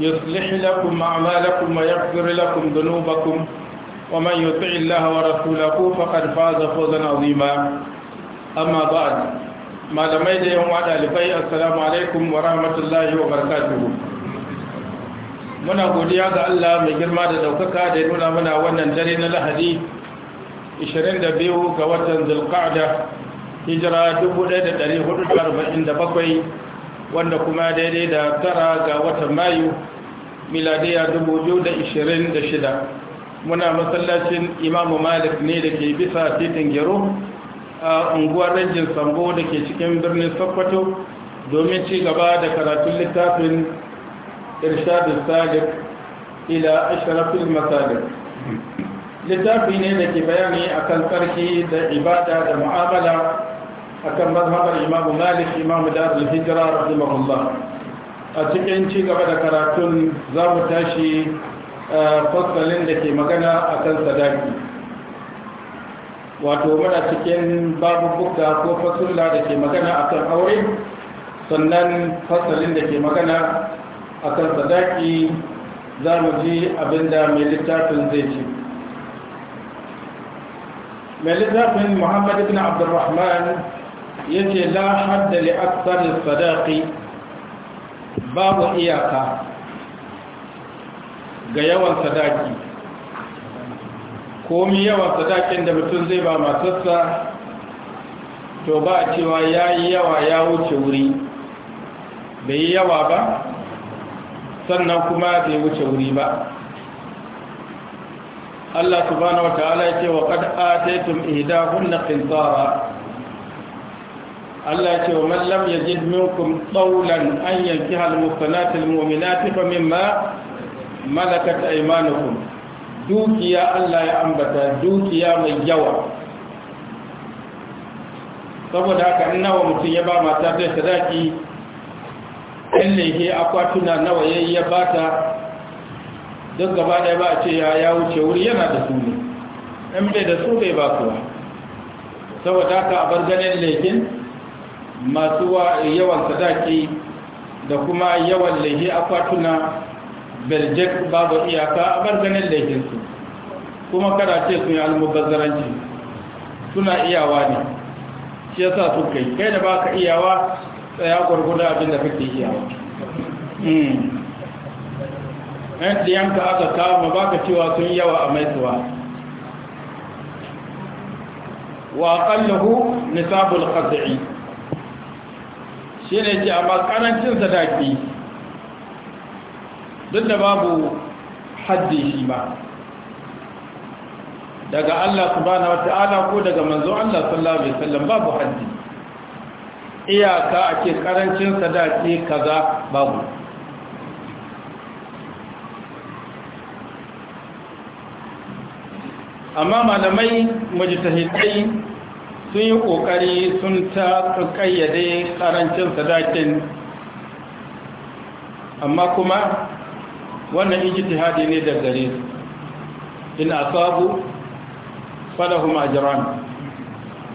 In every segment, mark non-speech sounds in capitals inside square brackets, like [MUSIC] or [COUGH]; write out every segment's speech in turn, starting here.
يصلح لكم أعمالكم ويغفر لكم ذنوبكم ومن يطع الله ورسوله فقد فاز فوزا عظيما أما بعد ما لميد يوم وعد لفي السلام عليكم ورحمة الله وبركاته muna godiya ga Allah mai girma da daukaka da nuna mana wannan dare na Lahadi 22 ga watan Zulqa'da hijira 1447 wanda kuma daidai da tara ga watan Mayu miladiya shida muna masallacin imamu malik ne da ke bisa titin gero a unguwar rajin sambo da ke cikin birnin sokoto domin ci gaba da karatun littafin irshadun sadiq ila ashrafil masadiq littafi ne da ke bayani kan tsarki da ibada da mu'amala akan mazhabar imamu malik imamu darul hijira rahimahullah a cikin ci gaba da karatun za mu tashi eh, fasalin da ke magana a kan sadaki wato muna cikin babubuka ko fasula da ke magana a kan aure sannan fasalin da ke magana a kan sadaki za mu ji abinda mai littafin zai ci. mai littafin muhammad ibn abdurrahman ya ce la hadda li sadaki babu iyaka ga yawan sadaki komi yawan sadakin da mutum zai ba matarsa to ba a cewa ya yi yawa ya wuce wuri bai yi yawa ba sannan kuma bai wuce wuri ba Allah subhanahu wa ta'ala ya ce wa a ataytum ihdahunna qintara Allah ce wa mallam ya ji min minkum tsaulan an yanki halmufanatul muminati fa mimma malakat aimanukum dukiya Allah ya ambata dukiya mai yawa saboda haka nawa mutum ya ba mata ta sadaki in laihe akwatuna nawa ya yi ya ba ta. duk gaba ɗaya ba a ce ya wuce wuri yana da su ne in bai da su bai ba kuwa saboda haka a bar ganin laifin masu yawan sadaki da kuma yawan laihi akwatuna beljek babu iyaka a barganin laihinsu kuma kada ce sun yi almubazzaranci suna iyawa ne shi yasa su kai kai da ba ka iyawa tsaya gwargwada abinda kake iyawa ɗan hmm. ɗiyanka aka kama ba ka cewa sun yawa a maisuwa wa ƙallahu nisabul khasi'i shi ne ce amma karancin sadaki duk da babu haddi shi ba daga Allah subhanahu wata'ala ko daga manzo Allah sallallahu alaihi wasallam babu haddi iyaka ake karancin sadaki kaza babu amma malamai mujtahidai sun yi ƙoƙari sun ta ƙayyade ƙarancin sadakin amma kuma wannan haɗe ne da gare su ina sabu falahu ma'ajiran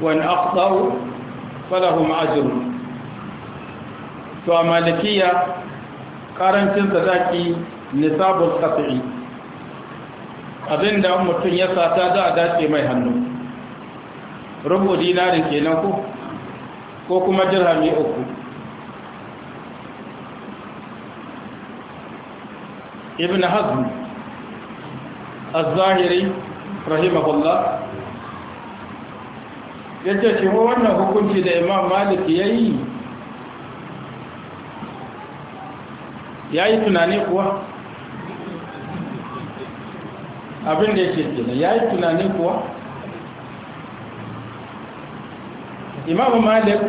wani in falahu ma'ajiru to a malikiya ƙarancin sadaki nisabul qat'i abinda mutum ya sata za a dace mai hannu rubu dinarin kenan ko ko kuma dirhami uku ibn hazm az-zahiri rahimahullah yace shi wannan hukunci da imam malik yayi yayi tunani kuwa abin da yake kenan yayi tunani kuwa imam malik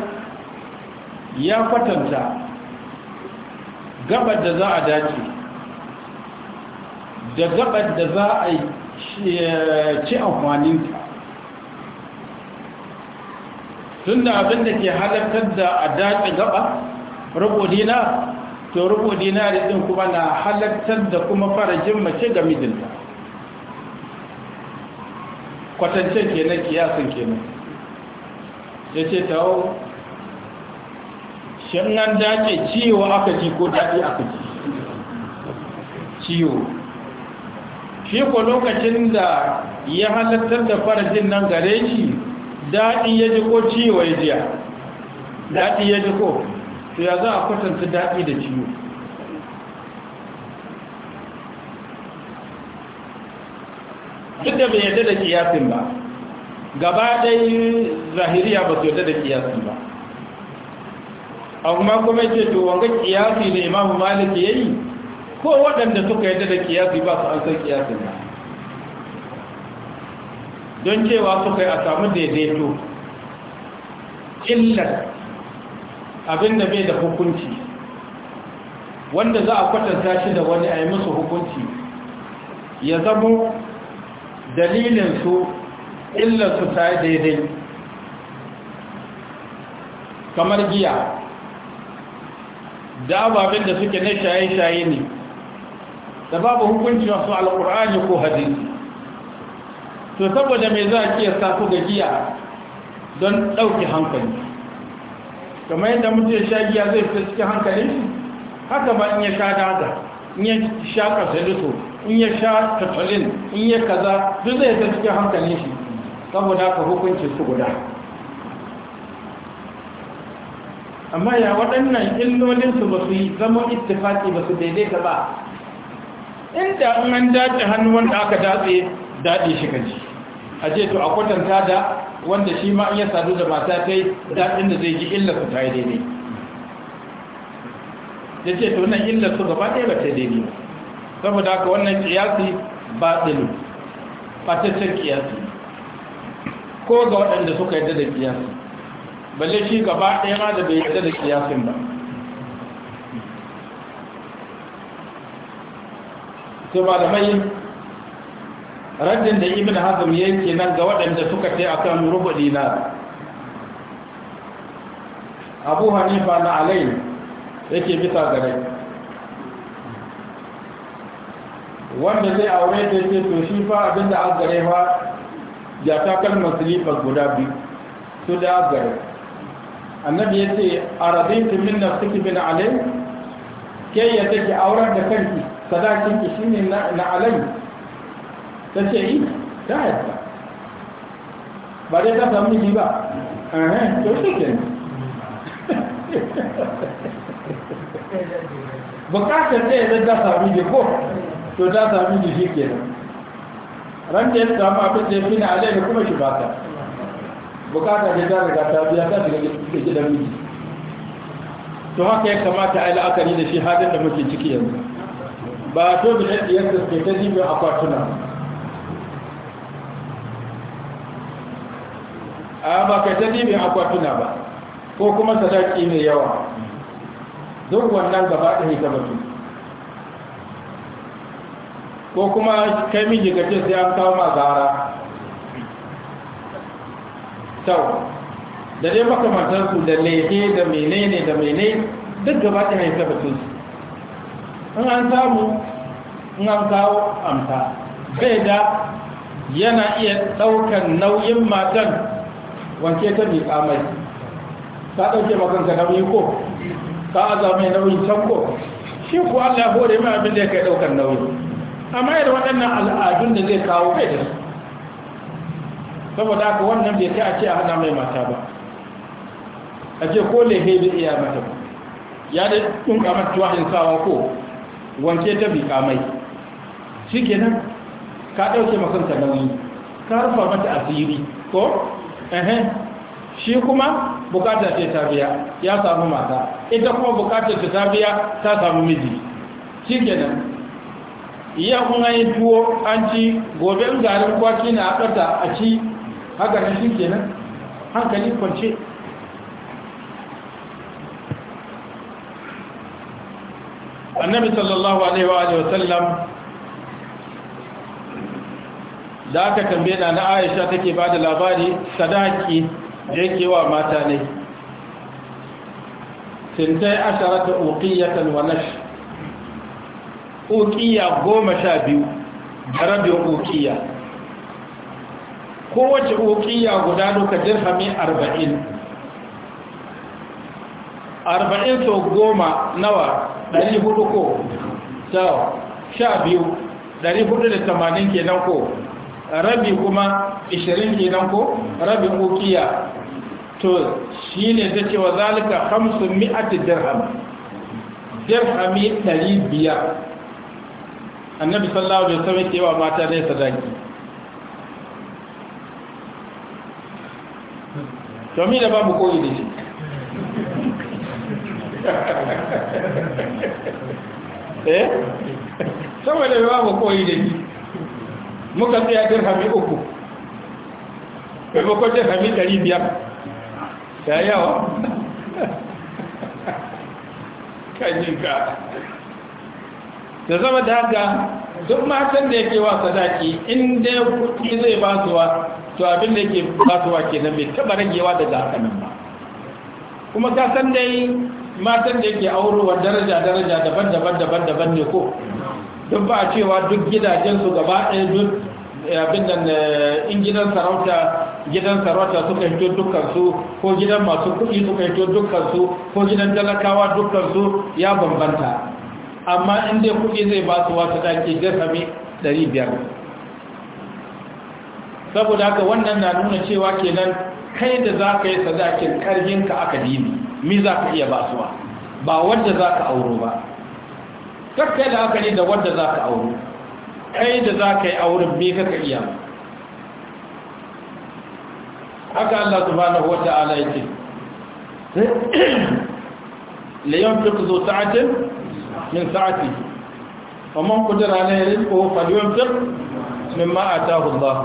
ya kwatanta gabar da za a dace da gabar da za a eh, ci amfaninta tun da abin da ke halartar da a dace gaba rubo dina to rubo dina da ɗin kuma na halartar da kuma farajin mace ga mijinta kwatancen kenan kiyasin kenan ya ce tawo shin an dace ciwo aka ji ko daɗi aka ji ciwo shi ko lokacin da ya halattar da farajin nan gare shi daɗi ya ji ko ciwo ya jiya daɗi ya ji ko to ya za a kwatanta daɗi da ciwo duk da bai yadda da kiyafin ba gaba ɗai zahiriya ba su yarda da kiyasi ba amma kuma ce to wanga kiyasi ne imamu malik ya yi ko waɗanda suka yarda da kiyasi ba su an san ba don cewa suka yi a samu daidaito illar abin da bai da hukunci wanda za a kwatanta shi da wani a yi musu hukunci ya zamo dalilinsu illar su ta daidai kamar giya da ababen da suke na shaye-shaye ne da babu hukunci wasu alkur'ani ko hadisi to saboda mai za a kiyasta ku ga giya don ɗauki hankali kamar yadda mutum ya sha giya zai fita cikin hankali haka ba in ya sha daga in ya sha kasaliso in ya sha katolin in ya kaza duk zai fita cikin hankali shi saboda ka hukuncin su guda amma ya waɗannan illolinsu ba su yi zama ittifaki ba su daidaita ba inda an dace hannu wanda aka datse daɗe shi kaji a je to a kwatanta da wanda shi ma iya sadu da mata ta yi daɗin da zai ji su ta yi daidai ya ce to nan su gaba ɗaya ba ta daidai ba saboda haka wannan kiyasi ba ɗin fataccen kiyasi ko ga waɗanda suka yadda da kiyasi balle shi gaba ɗaya ma da bai yadda da kiyasin ba sai ba da mai raddin da ibn hazm yake nan ga waɗanda suka ce akan rubu dinar abu hanifa na alai yake bisa gare wanda zai aure da ce to shi fa abinda an gare ba. ya ta kalmar silifa guda biyu su da gare annabi ya ce a rabin min na suke bin alai ke ya take auren da kanki sadakin ki ne na alai ta ce yi eh, ta yadda ba dai ta samu miji ba ahem to shi ke [LAUGHS] bukatar ta zai ta samu miji ko to ta samu miji shi ke nan ran da ya samu abin da ya fi na alaihi kuma shi baka bukata da ta riga ta biya ta daga cikin gidan miji to haka ya kamata a yi la'akari da shi hadin da muke ciki yanzu ba to tobi na ɗiyar da suke ta jibin akwatuna a ba kai ta jibin akwatuna ba ko kuma sadaki mai yawa duk wannan gaba ɗaya ta mutum ko kuma kai miji ka ce sai an kawo ma zara tau da dai su da leke da menene da menene duk gaba ɗaya ya taɓa su in an samu in an kawo amsa bai da yana iya ɗaukar nauyin matan wanke ta miƙa mai ta ɗauke ka nauyi ko ta aza mai nauyin can ko shi ku allah ya hore mai abin da ya kai ɗaukar nauyi amma yadda waɗannan al'adun da zai kawo bai da saboda ka wannan bai kai a ce a hana mai mata ba a ce ko hei bai iya mata ba ya da ɗin kamar in sawa ko wanke ta bi kamai shi kenan ka ɗauke masu nauyi ka rufa mata asiri ko ehe shi kuma bukatar ta ta biya ya samu mata ita kuma bukatar ta ta biya ta samu miji shi kenan iya kuma yi tuwo an ci gobe in garin kwaki na haɗata a ci haka na shi kenan hankali kwance annabi sallallahu alaihi wa sallam da aka tambaye na na aisha take ba da labari sadaki da yake wa mata ne sintai asharata uqiyatan wa nashr ukiya goma sha biyu da rabin ukiya kowace ukiya guda duka dirhami arba'in arba'in sau goma nawa ɗari hudu ko sau sha biyu ɗari hudu da tamanin kenan ko rabi kuma ishirin kenan ko rabin ukiya to shi ne ta ce wa zalika hamsin mi'ati dirham dirhami ɗari biyar annabi sallallahu alaihi wasallam ke wa mata ne sadaki to mi da babu koyi da shi [LAUGHS] eh saboda babu koyi da muka tsaya dirhami uku maimakon dirhami ɗari biyar yawa [LAUGHS] kan ka. da zama da haka duk matan da yake wa sadaki in ya kuɗi zai ba wa to abin da yake ba suwa ke nan bai taɓa ragewa daga haka ba kuma ka san dai matan da yake aurowa daraja daraja daban daban daban daban ne ko duk ba a cewa duk gidajen su gaba ɗaya duk eh, abin da eh, in gidan sarauta gidan sarauta suka hito dukkansu ko gidan masu kuɗi suka hito dukkansu ko gidan talakawa dukkansu ya bambanta amma in dai kuɗi zai ba su wata daki jasami 500 saboda haka wannan na nuna cewa kenan kai da za ka yi sadakin ƙarfinka aka dini mi za ka iya basuwa ba wadda za ka auro ba kakkai da aka ne da wadda za ka auro kai da za ka yi auren mi kaka iya haka Allah subhanahu wa ce. yake la yanfiq zu ta'atin min sa'ati ومن قدر عليه رزقه فلينفق مما mimma الله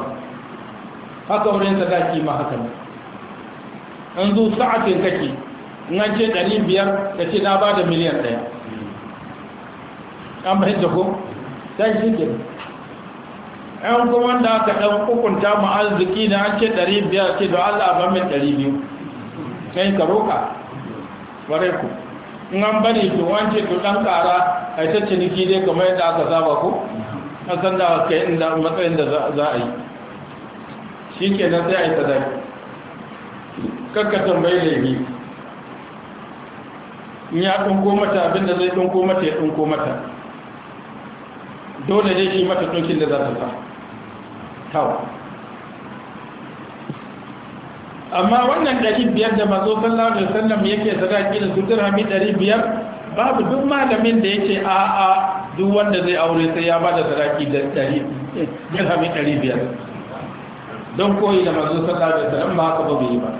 haka wurin sadaki ma haka ne an zo sa'atin kake in an ce 500 kace na bada miliyan ɗaya. an bayyana ko sai shi ke kuma wanda aka ɗan hukunta mu arziki na an ce ɗari biyar ce da Allah ba mai ɗari biyu sai ka roƙa ware ku in an bari to wance to dan kara a ta ciniki dai kamar yadda aka saba ko a san da kai inda matsayin da za a yi shi ke nan sai a yi sadari kakka tambayi laifi ni ya ko mata da zai ko mata ya ko mata dole ne shi mata tunkin da za ta sa tawa amma wannan ɗari biyar da mazo sallallahu alaihi wasallam yake sadaki da su dirhami ɗari biyar babu duk malamin da yake a a duk wanda zai aure sai ya bada sadaki da ɗari dirhami ɗari biyar don koyi da mazo sallallahu alaihi wasallam ba haka ba bai ba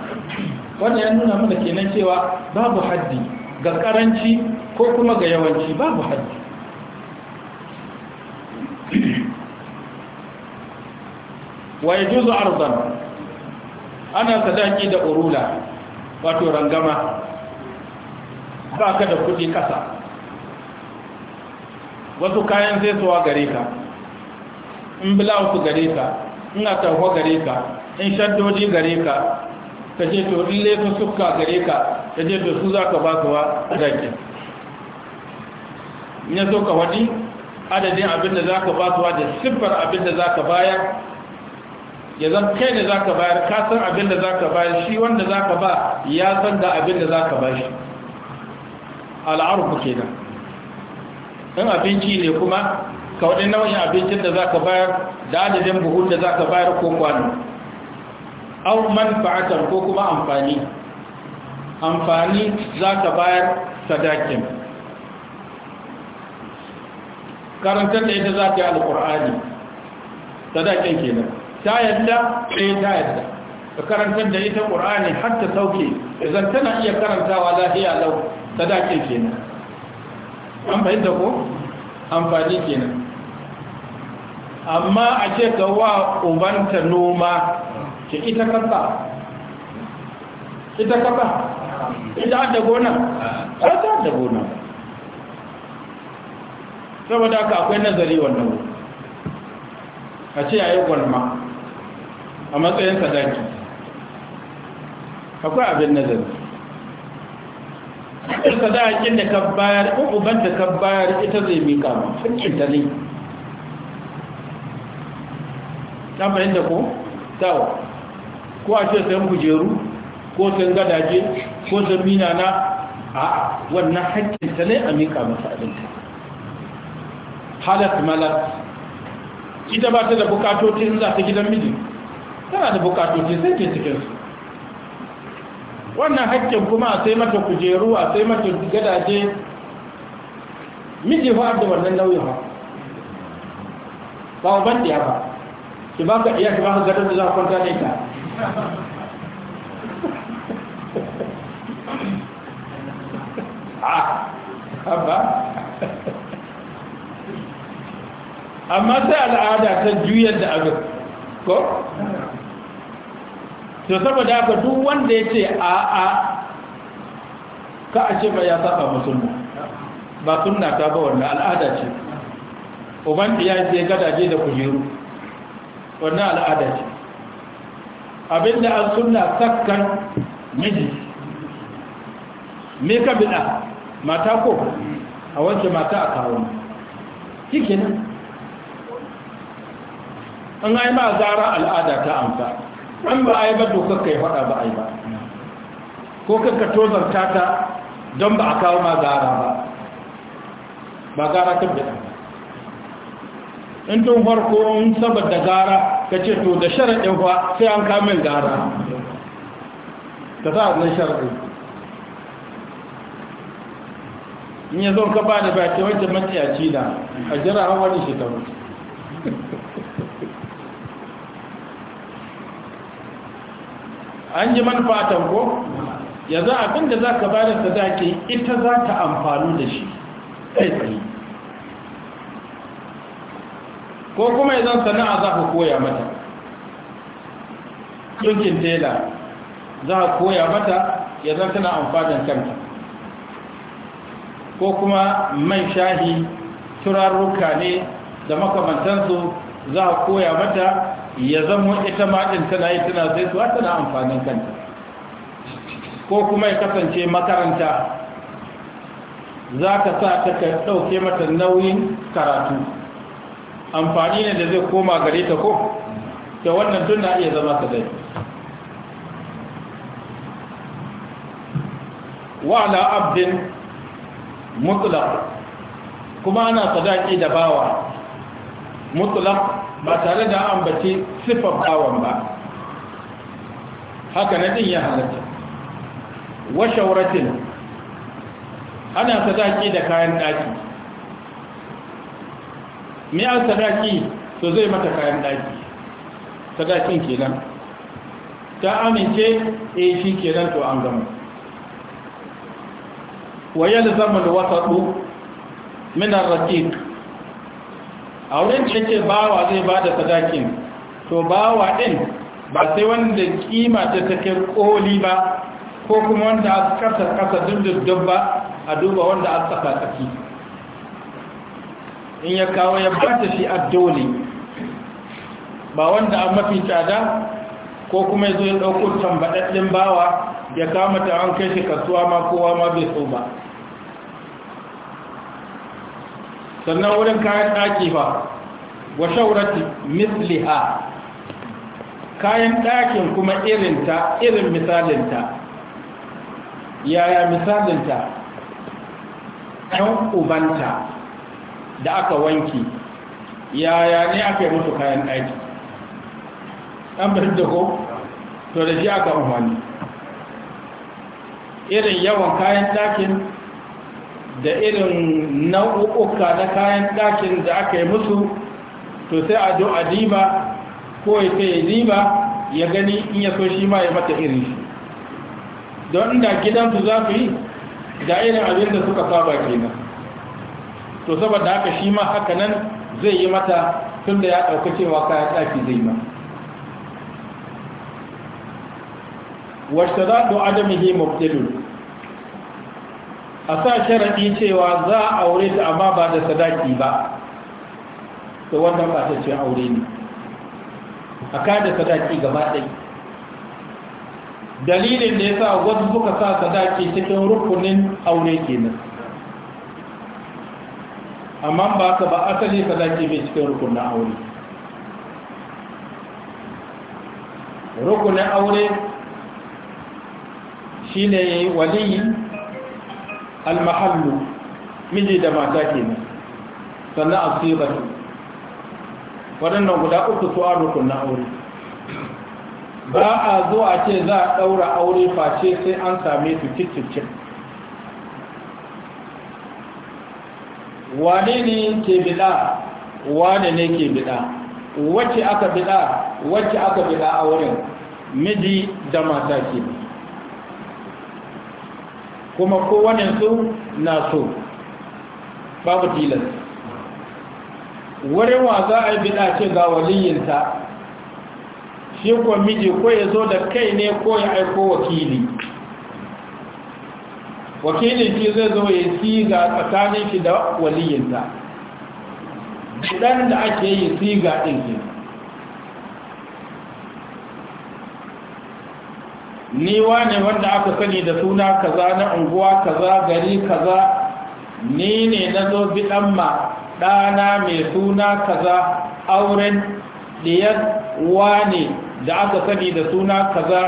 wannan ya nuna mana kenan cewa babu haddi ga karanci ko kuma ga yawanci babu haddi wa yajuzu arzan. ana sadaki da urula wato rangama ba ka da kudi kasa wasu kayan sai suwa gare ka in bilawusu gare ka in tarho gare ka in shaddoji gare ka ka ce to in laifin suka gare ka ka ce to su za ka ba suwa zaki in ya so ka wani adadin abin da za ka ba suwa da siffar abin da za ka bayar ya zan kai ne za ka bayar ka san abin da za ka bayar shi wanda za ka ba ya san da abin da za ka ba shi al'arufu nan in abinci ne kuma ka waɗin nau'in abincin da za ka bayar da adadin buhun da za ka bayar ko kwano au manfa'atar ko kuma amfani amfani za ka bayar sadakin karantar da ita za ka yi alƙur'ani sadakin ke nan ta yadda ɗaya eh, ta yadda ka karantar da ita Al-Qur'ani har ta sauke idan tana iya karantawa lafiya lau ta dace kenan an fahimta ko amfani kenan amma a ce ka wa ubanta noma ke ita kafa ita kafa ita da gona ta da gona saboda haka akwai nazari wannan a ce a yi gwalma a matsayin sadaki akwai abin nazari in sadakin da ka bayar ko uban da kabbayar bayar ita zai mika ma ta ne ta bayan da ko tawa ko a ce sayan kujeru ko sayan gadaje ko sayan minana a wannan hakkin ta ne a mika masa abinta halat malat ita ba ta da bukatotin za ta gidan miji tana da bukatoci sai ke cikinsu wannan haƙƙin kuma a sai mata kujeru a sai mata gadaje miji ba da wannan nauyi ba ba ban da ba ki ba ka iya ki ba ka gadon da za ka kwanta ne ka ah, amma sai al'ada ta juyar da abin ko to saboda haka duk wanda ya ce a a ka a ce ba ya saba musulmi ba sunna ta ba wanda al'ada ce uban ya ce gadaje da kujeru wannan al'ada ce abinda an suna sakkan miji me ka bida mata ko a wanke mata a kawo shi kenan an haima zara al'ada ta amfani an ba a yi ba dokar ka yi faɗa ba a yi ba ko kanka tozarta ta don ba a kawo ma gara ba ba gara ta da in tun farko in saboda gara ka ce to da sharaɗin fa sai an kamin gara ka za a zai sharaɗin in ya zo ka ba da ba ke wajen matsayaci da a jira hawa ne shekaru an ji manfatan ko yanzu abin da za ka ba da sadaki ita za ta amfanu da shi kai tsaye ko kuma yanzu sana'a za ka koya mata Dukkin tela za ka koya mata yanzu tana amfadan kanta ko kuma man shahi turarruka ne da makamantansu za a koya mata ya zama ita maɗin tana yi tana sai suwa tana amfanin kanta ko kuma ya kasance makaranta za ka sa ta ka ɗauke mata nauyin karatu amfani ne da zai koma gare ta ko ta wannan tun na iya zama ta dai wa'ala abdin mutlaq kuma ana sadaki da bawa mutlaq ba tare da ambaci sifar bawan ba haka na din ya halatta wa shawratin ana sadaki da kayan daki me an sadaki to zai mata kayan daki sadakin kenan ta amince eh shi kenan to an gama wa yalzamu alwasatu min arraqiq a wurin da bawa zai ba da sadakin to bawa din ba sai wanda kima ta take koli ba ko kuma wanda a kasa kasa dindindin ba a duba wanda a tsaka tsaki in ya kawo ya bata shi a dole ba wanda a mafi tsada ko kuma ya zo ya ɗauko tambaɗaɗɗin bawa ya kama ta an kai shi kasuwa ma kowa ma bai so ba sannan wurin kayan ɗaki ba wa shaurati misliha kayan ɗakin kuma irinta irin misalinta yaya misalinta ɗan ubanta da aka wanki yaya ne aka yi musu kayan ɗaki ɗan bari da ko to da shi aka umarni irin yawan kayan ɗakin da irin nau'uka na kayan ɗakin da aka yi musu to sai a zo a diba ko ya sai diba ya gani in ya so shi ma ya mata irin shi don da gidansu za su yi da irin abin da suka saba kenan to saboda haka shi ma haka nan zai yi mata tun da ya ɗauka cewa kayan ɗaki zai ma washta za ɗo adamihi mubtilun a sa sharaɗi cewa za a aure ta amma ba da sadaki ba to wannan ba ta ce aure ne a kada sadaki gaba ɗai dalilin da ya sa wasu suka sa sadaki cikin rukunin aure kenan amma ba ka ba asali sadaki bai cikin rukunin aure rukunin aure shi ne waliyi almahallu miji da mata ne, sannan a asiratu waɗannan guda uku su an rukunin aure ba a zo a ce za a ɗaura aure face sai an same su cikin wane ne ke bida wane ne ke bida wacce aka bida wacce aka bida a wurin miji da mata ke ne kuma kowane su na so babu tilas wurin wa za a yi bida ce ga waliyinta shi kuwa miji ko ya zo da kai ne ko ya aiko wakili wakilin shi zai zo ya ga tsakanin shi da waliyinta ɗan da ake yi siga ɗin shi ni wane wanda aka sani da suna kaza na unguwa kaza gari kaza ni ne na zo biɗan ma ɗana mai suna kaza auren ɗiyar wane da aka sani da suna kaza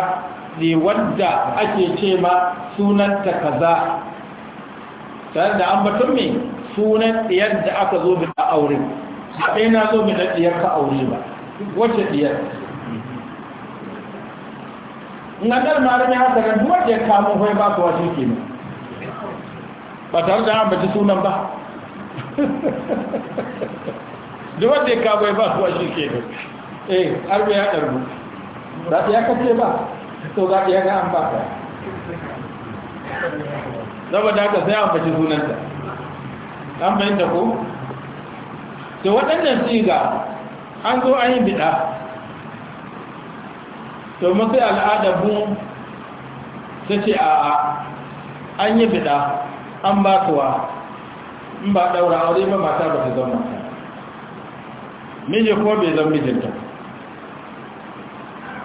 ne wadda ake ce ma sunanta kaza tare da batun mai sunan ɗiyar da aka zo biɗa auren ba ɗaya na zo na ɗiyar ka aure ba wacce ɗiyar nagar malami haka nan duwar da ya kamo hoyi ba kuwa shi ne ba tare da an baci sunan ba [LAUGHS] duwar da ya kamo ba kuwa shi ne eh arbe ya darbu ba ta ya kace ba to ga ya ga an ba ka da aka sai an sunan sunanta an bayyana ko to waɗannan siga an zo an yi bid'a to sai al'adar mu ta ce a'a an yi bida an ba tuwa in ba daura aure ba mata ba ta zama miji ko bai zama mijinta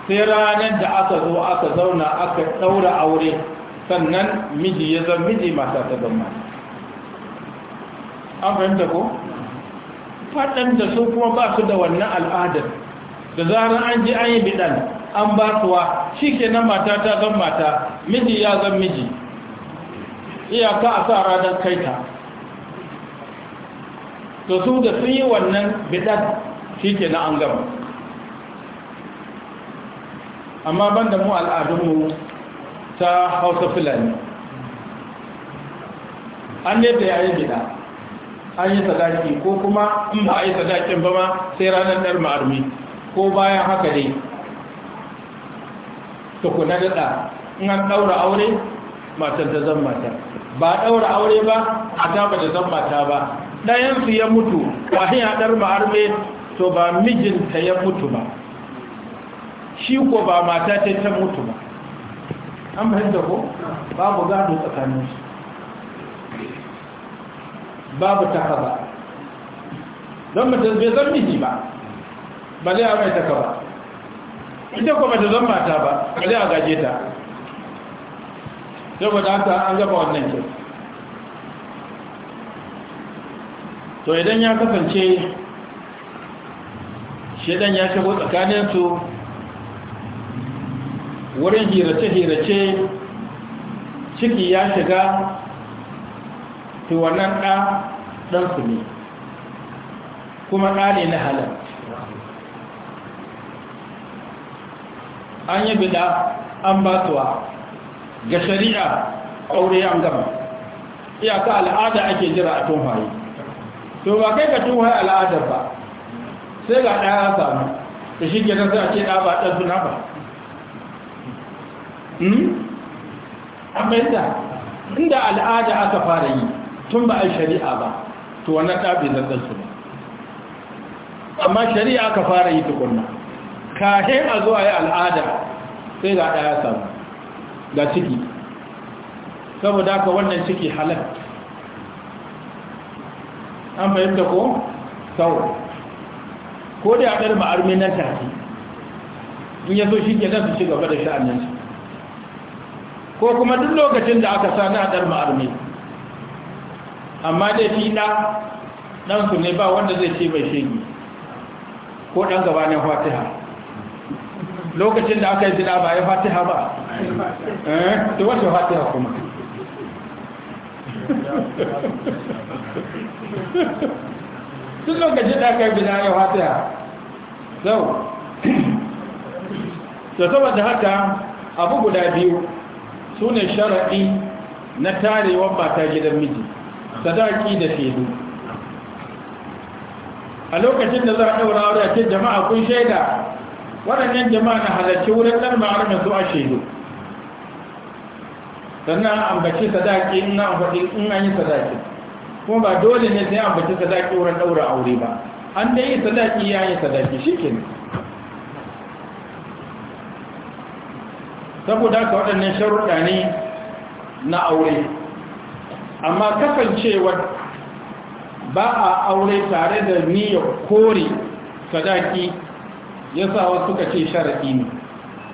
sai ranar da aka zo aka zauna aka daura aure sannan miji ya zama miji mata ta zama an fahimta ko? faɗin da su kuma ba su da wannan al'adar da zarar an ji an yi bidan an ba suwa shi kenan mata ta zan mata miji ya zan miji iyaka a sa ranar kaita to su da sun yi wannan bidan shi kenan an gama amma ban da mu al'adunmu ta hausa fulani an yadda ya yi bida an yi sadaki ko kuma in ba a yi sadakin ba ma sai ranar ɗar ma'armi ko bayan haka dai tukuna daɗa in an ɗaura aure matar da zan mata ba ɗaura aure ba a taba da zan mata ba ɗayansu ya mutu wahin haɗar ma'arme to ba mijinta ya mutu ba shi ko ba mata ta ta mutu ba an fahimta ko babu gado tsakaninsu babu ta ba don mutum bai zan miji ba ba zai amai ta ba ita kuma ta zama ta ba ba zai a gaje ta ba ta an gaba wannan ke to idan ya kasance shedan ya shigo tsakaninsu wurin hirace-hirace ciki ya shiga to ɗan ɗansu ne kuma ɗane na halar an yi bida an batuwa ga shari'a aure an gama iyaka al'ada ake jira a tun tunhaye to ba kai ka tunhaye al'adar ba sai ga ɗaya samu da shi ke za a ce ɗa ba ɗan suna ba amma inda al'ada aka fara yi tun ba a shari'a ba to wannan ɗa bai zartar ba amma shari'a aka fara yi tukunna kahin a zuwa yi al'ada sai ga ɗaya samu ga ciki saboda haka wannan ciki halar an fahimta ko sau ko da ya ɗar ma'armi nan tafi in ya shi ke nan su ci gaba da sha'anin su ko kuma duk lokacin da aka sa na ɗar ma'armi amma dai fi na ɗansu ne ba wanda zai ce bai shegi ko ɗan gabanin fatiha lokacin da aka yi zina ba ya fatiha ba da eh, wata fatiha kuma tun lokacin da aka yi zina ya fatiha zau da saboda haka abu guda biyu su ne shara'i na tarewar mata gidan miji sadaki da fedu a lokacin da za a ɗaura aure a ce jama'a kun shaida waɗannan jama'a na halarci wurin ɗan ma'ar su zuwa shaidu sannan an ambaci sadaki in na in an yi sadaki kuma ba dole ne sai an ambaci sadaki wurin ɗaura aure ba an dai yi sadaki ya yi sadaki shi ke saboda ka waɗannan sharuɗa ne na aure amma kasancewa ba a aure tare da niyyar kore sadaki ya sa wa suka ce sharaɗi ne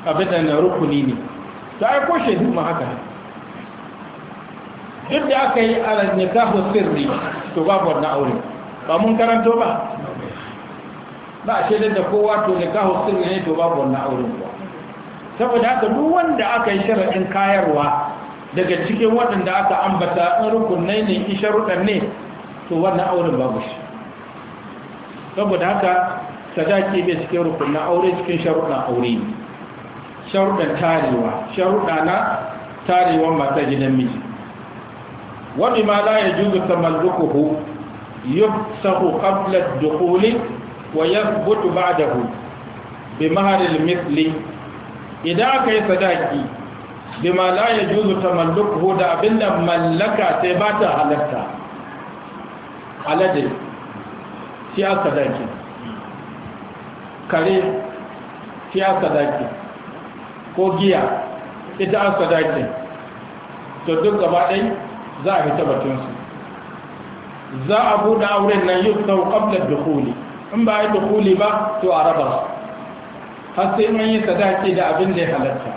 a da na rukuni ne ta aiko shaidu ma haka duk da aka yi a nikahu sirri to babu wannan aure ba mun karanto ba ba a shaidar da kowa to nikahu sirri ne to babu wannan aure ba saboda haka duk wanda aka yi sharaɗin kayarwa daga cikin waɗanda aka ambata in rukunai ne in sharuɗan ne to wannan auren babu shi saboda haka sadaki bai cikin rukunin aure cikin sharuɗan aure ne, sharuɗan tarewa sharuɗa na tarewa mata gidan miji wani ma la ya juzu tamallukuhu yufsahu qabla ad-dukhuli wa yathbutu ba'dahu bi mahr al-mithli idan aka yi sadaki bima la ya juzu tamallukuhu da abin da mallaka sai ba ta halatta alade shi aka sadaki kare shi sadaki ko giya ita a sadaki to duk gaba ɗai za a fita batunsu za a buɗe auren nan yi sau ƙablar dukuli in ba a yi dukuli ba to a raba har sai man yi sadaki da abin da ya halatta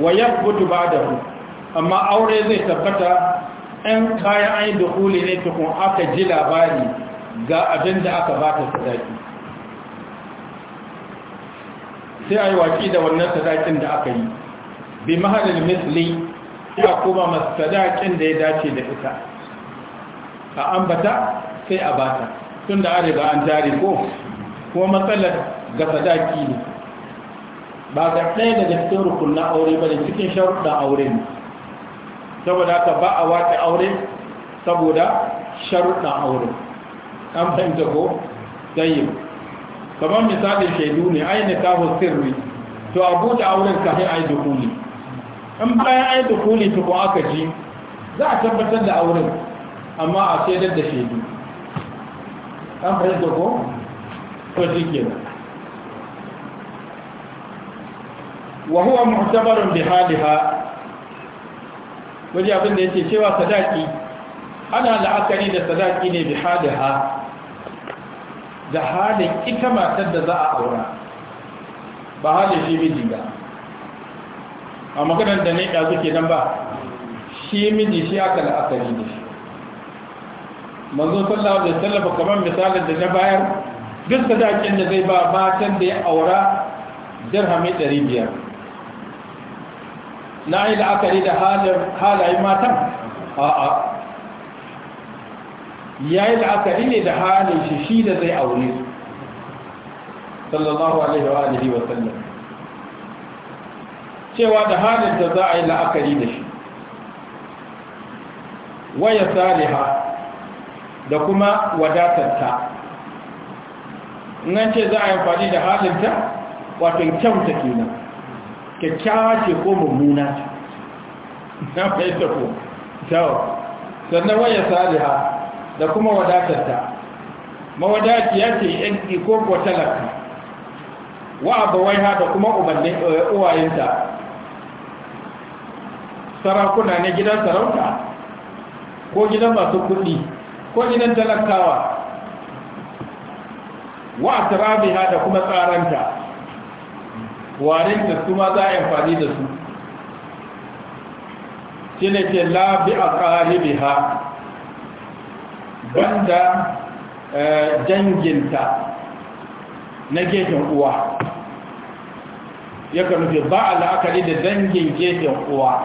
wa gudu ba da amma aure zai tabbata 'yan kayan an yi dukuli ne tukun aka ji labari ga abin da aka ba ta sadaki sai a yi waƙi da wannan sadakin da aka yi bi mahalin misli ya kuma masu sadakin da ya dace da ita a ambata sai a bata tun da an riga an jari ko kuma matsalar ga sadaki ne ba ga ɗaya daga cikin na aure ba da cikin sharuɗa aure ne saboda haka ba a wata aure saboda sharuɗa aure an fahimta ko tsayin kamar misalin shaidu ne ai na kawo sirri to a buɗe auren sai ai dukuli in bayan ai dukuli to ko aka ji za a tabbatar da auren amma a shaidar da shaidu an fahimta ko ko shi kenan وهو معتبر بحالها waje abin da yake cewa sadaki ana la'akari da sadaki ne bi hadaha da halin ita matar da za a aura ba halin shi miji ba a maganar da ne ɗazu ke nan ba shi miji shi aka la'akari ne Manzo sallallahu alaihi wasallam kamar misalin da na bayar duk sadakin da zai ba matan da ya aura dirhami 500 na yi la'akari da halayen matan a'a ya yi la'akari ne da halin shi shi da zai aure su sallallahu alaihi wa alihi wa sallam cewa da halin da za a yi la'akari da shi waya saliha da kuma wadatarta nan ce za a yi amfani da halinta wato kyauta kenan kyakkyawa ce ko mummuna ce na fahimta ko kyawa sannan waya saliha da kuma wadatarta mawadaciya ce yanki ko ko Wa wa abawaiha da kuma ubannin eh, uwayenta sarakuna ne gidan sarauta ko gidan masu kuɗi ko gidan talakawa wa asrabiha da kuma tsaranta warinta su ma za a amfani da su shi ne ke labi a banda janginta eh, na gefen uwa ya kan nufi ba a la'akari da dangin gefen uwa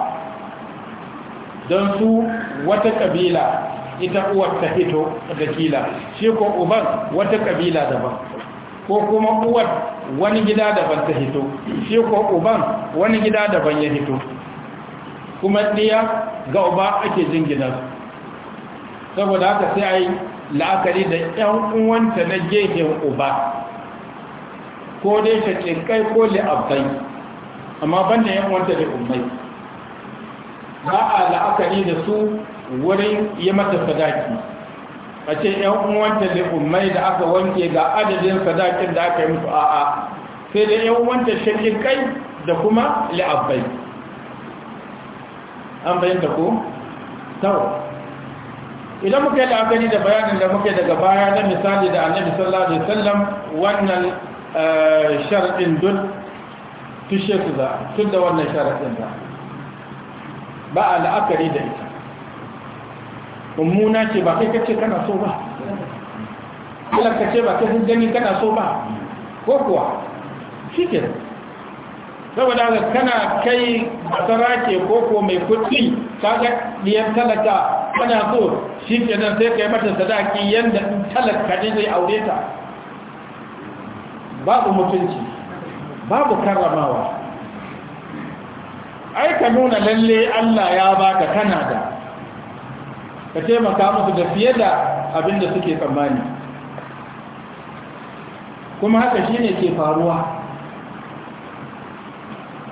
don su wata kabila ita uwar ta fito da kila shi ko uban wata kabila daban ko kuma uwar wani gida daban ta hito shi ko uban wani gida daban ya hito kuma ɗiya ga uba ake jingina su saboda haka sai a yi la'akari da ‘yan uwanta na gehen uba ko dai kai ko li'abbai amma ban da ‘yan uwanta da ummai ba a la'akari da su wurin yi mata sadaki a ce ‘yan uwanta da ummai da aka wanke ga adadin sadakin da aka yi musu a'a sai da ‘yan uwanta kai da kuma li'abbai an bayyanta ko? tawo idan muka yi la'akari da bayanin da muke daga baya na misali da annabi sallallahu alaihi wasallam wannan eh, sharadin duk tushe su za tun da wannan sharadin ba ba a la'akari da ita mummuna ce ba kai kace kana so ba Allah ka ce ba kai kun gani kana so ba ko kuwa shi ke saboda kana kai basara ke ko ko mai kuɗi kaga diyan talaka kana so shi ke nan sai ka yi mata sadaki yadda in talaka zai aure ta babu mutunci babu karramawa ai ka nuna lalle Allah ya baka kana da ka taimaka musu da fiye da abin da suke tsammani kuma haka shi ne ke faruwa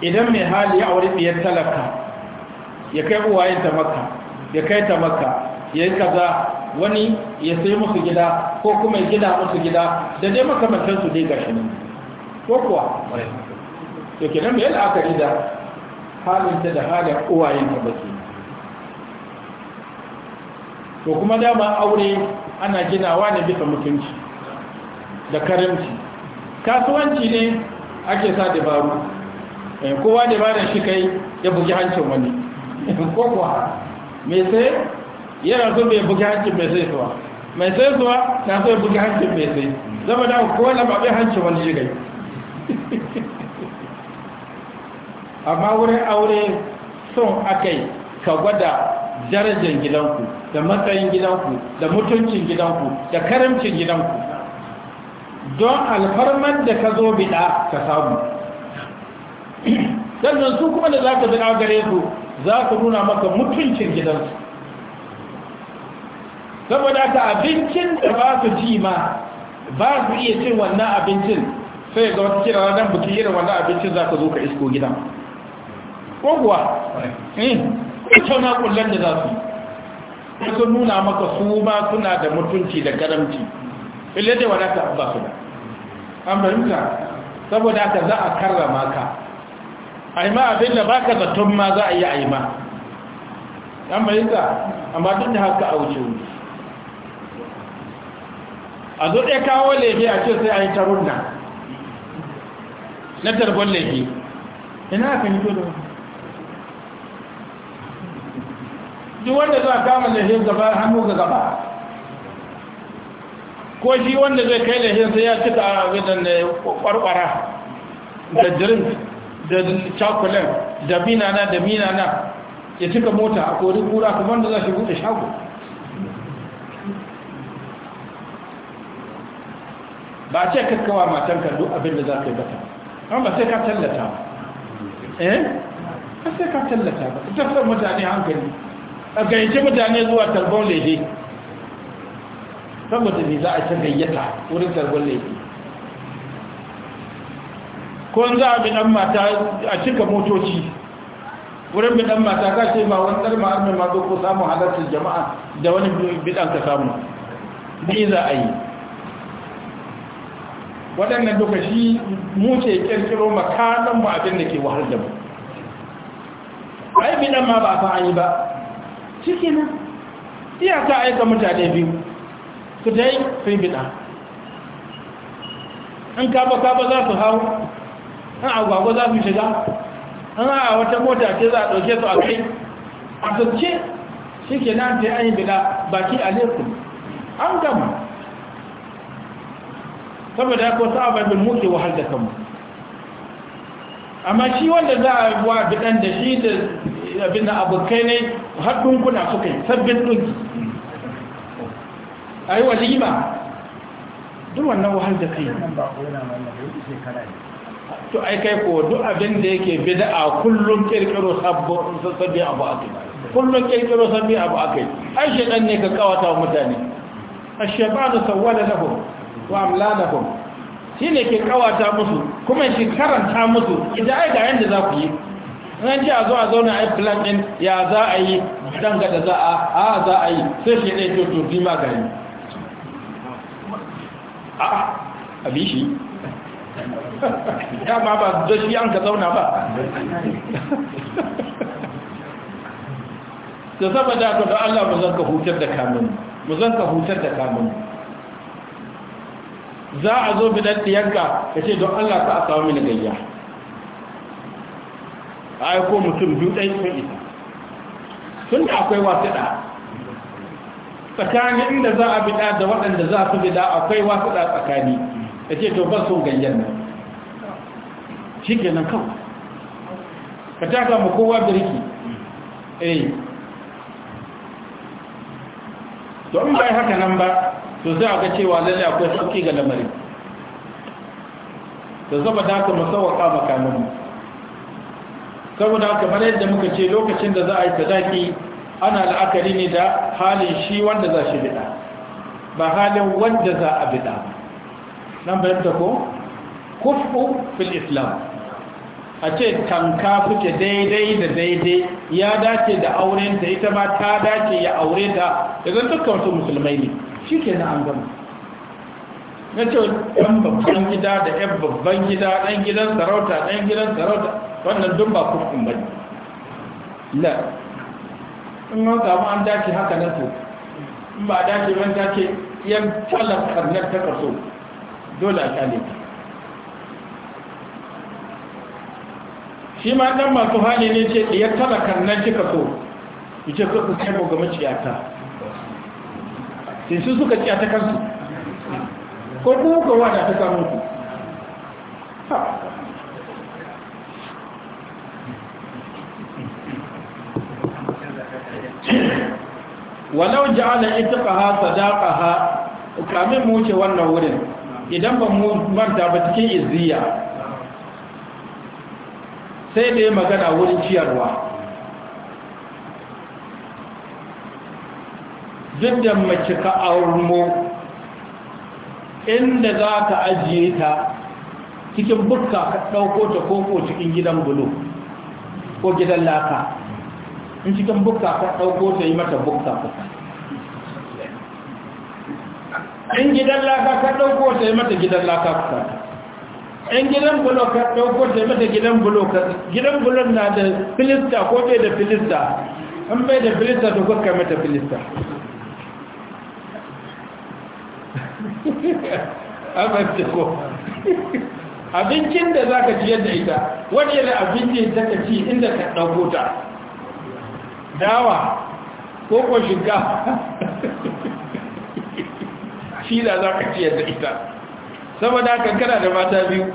idan mai hali ya aure biyar talaka ya kai uwayen ta maka ya kai ta maka ya yi kaza wani ya sai musu gida ko kuma ya gida musu gida da dai makamantansu dai gashi nan ko kuwa ya to kenan mai la'akari da halinta da halin uwayen ta baki to kuma dama aure ana ginawa ne bisa mutunci da karamci kasuwanci ne ake sa dabaru eh, kowa dabarar shi kai ya bugi hancin wani [LAUGHS] ko kuwa mai sai yana so mai buga hancin mai sai suwa mai sai suwa na so ya buga hancin mai sai zama da kowa na babin hancin wani shigai [LAUGHS] amma wurin aure son akai ka gwada darajar gidanku da matsayin gidanku da mutuncin gidanku da karamcin gidanku don alfarman da ka zo bida ka samu [CLEARS THROAT] sannan su kuma da za ka zina gare su za su nuna maka mutuncin gidansu saboda ta abincin da ba su ji ma ba su iya cin wannan abincin sai ga wata kira ranar buki irin wannan abincin za ka zo ka isko gida ƙogwa kyau eh, na kullum da za su yi su nuna maka su ma suna da mutunci da karamci ilai da wadata ba su da an fahimta saboda ta za a karrama ka Aima abinda abin da ba ka zaton ma za a yi aima, ya mai yan amma tun da haka a wuce wuce a zo ɗaya kawo lebe a ce sai a yi tarun na na targon laifi ina ka yi tudu duk wanda za a kama lehen gaba hannu ga gaba ko shi wanda zai kai lehen sai ya cika a wajen kwarkwara da jirin da cakulan da na da na ya cika mota a kori kura kamar da za shi bude shago ba ce kakkawa matanka duk abin da za ka yi bata amma ba sai ka tallata ba eh ba sai ka tallata ba tafiyar mutane hankali a gayyace mutane zuwa talbon lege saboda ne za a ta gayyata wurin talbon lege ko za a bi dan mata a cika motoci wurin bi dan mata ka ce ma wani dar ma'armi ma zo ko samun halartar jama'a da wani bidan ka samu ne za a yi waɗannan duka shi mu ce kirkiro makanan mu abin da ke wahal da mu ai bidan ma ba a fa yi ba ciki na ai aika mutane biyu su ta yi sun biɗa in kaba kaba za su hau an agwagwa za su shiga an a wata mota ce za a ɗauke su a kai a tsarki shi ke nan ta yi an yi bida baki a lekun an gama saboda ya kosa bin muke wahal da kanmu amma shi wanda za a wa bidan da shi da abin da abokai ne har kuna suka yi sabbin ɗunki a yi walima duk wannan wahal da kai to ai kai ko duk abin da yake bid'a kullum kirkiro sabbo sabbi abu akai kullum kirkiro sabbi abu akai ai shedan ne ka kawata wa mutane ash-shaytanu sawwala lahum wa amla lahum shine ke kawata musu kuma shi karanta musu idan ai ga yanda za ku yi an ji a zo a zauna ai plan din ya za a yi dan ga da za a a za a yi sai shi ne to to bi magani a a shi [LAUGHS] dama ba zafi an ka zauna ba [LAUGHS] da saboda ka da Allah mu zanka hutar da kamun mu zanka hutar da kamun za a zo bidan tiyanka ka ce don Allah ka a samu mini gayya a aiko mutum biyu ɗai sun isa sun da akwai wasu ɗa tsakanin inda za a bida da waɗanda za su bida akwai wasu ɗa tsakani ya ce to ba son ganyen nan shi ke nan kawo. ka taka mu kowa birki eh to in bai haka nan ba to sai a ga cewa lalle akwai sauki ga lamarin da zaba da aka masawaka makamanmu saboda kamar yadda muka ce lokacin da za a yi sadaki ana la'akari ne da halin shi wanda za shi bida ba halin wanda za a bida namba bayan ko kufu fil islam a ce tanka suke daidai da daidai ya dace da auren da ita ma ta dace ya aure ta daga dukkan su musulmai ne shi ke na an gama na ce ɗan babban gida da ɗan babban gida ɗan gidan sarauta ɗan gidan sarauta wannan dun ba kufin ba ne la in ma samu an dace haka na so in ba dace ban dace yan talar karnar ta kaso dole a kyale ta shi ma dan masu hali ne ce ɗiyar talakan nan kika so yi ce suka kai mu ga maciyata sai su suka ciya ta kansu ko kuma ka wada ta samu ku walau ja'ala itqaha sadaqaha kamin mu ce wannan wurin idan ba manta ba cikin izziya sai da ya magana wurin ciyarwa duk da mace ka aurmo inda za ka ajiye ta cikin bukka ka ɗauko ta koko cikin gidan bulu ko gidan laka in cikin bukka ka ɗauko ta yi mata bukka kusa in gidan laka ka ɗauko ta yi mata gidan laka ka in gidan bulo ka ɗauko ta yi mata gidan bulo ka gidan bulo na da filista ko bai da filista an bai da filista to kuka mata filista amince [LAUGHS] ko abincin da za ka ciyar da ita wani yana abinci da ka ci inda ka ɗauko ta dawa ko ko shiga. [LAUGHS] kila za ka ciyar da ita saboda haka kana da mata biyu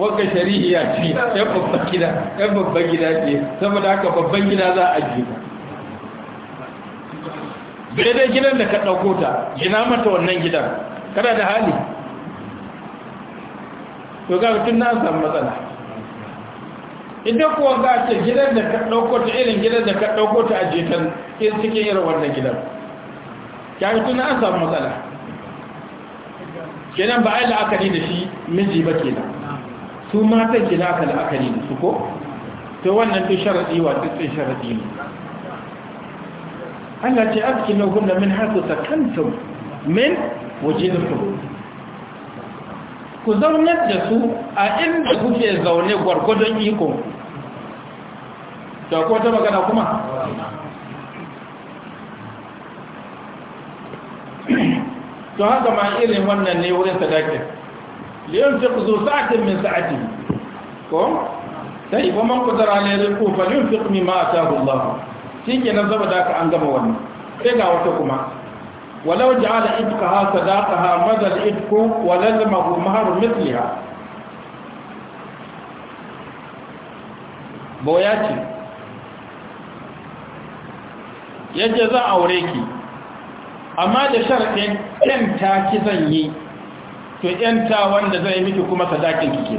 wanka shari'a ce ɗan babban gida ɗan babban gida ce saboda haka babban gida za a ji da gidan da ka ɗauko ta gina mata wannan gidan kana da hali to ga tun na samu matsala idan kuwa ga ce gidan da ka ɗauko ta irin gidan da ka ɗauko ta a jitan cikin irin wannan gidan ya tun na samu matsala kenan ba a yi la'akari da shi miji ba ke da, su ke da aka la'akari da su ko to wannan to sharadi wa tsitsin sharadi ne Allah ce aski na hunna min hasu sakantum min wajinukum ku zaune da su a inda kuke zaune gwargwadon ikon da kuwa ta magana kuma to haka ma irin wannan ne wurin sadakin liyan fi kuzo sa'atin min sa'ati ko sai ba man kudara ne da ko fa liyan fi kuma ma ta Allah shi ke nan zaba da ka an gama wannan sai ga wata kuma walau ja'ala ibkaha sadaqaha madal ibku wa lazamahu mahar mithliha boya ce yadda za a aure ki amma da sharɗin ‘yanta ki zan yi to ‘yanta wanda zai yi miki kuma sadakin ki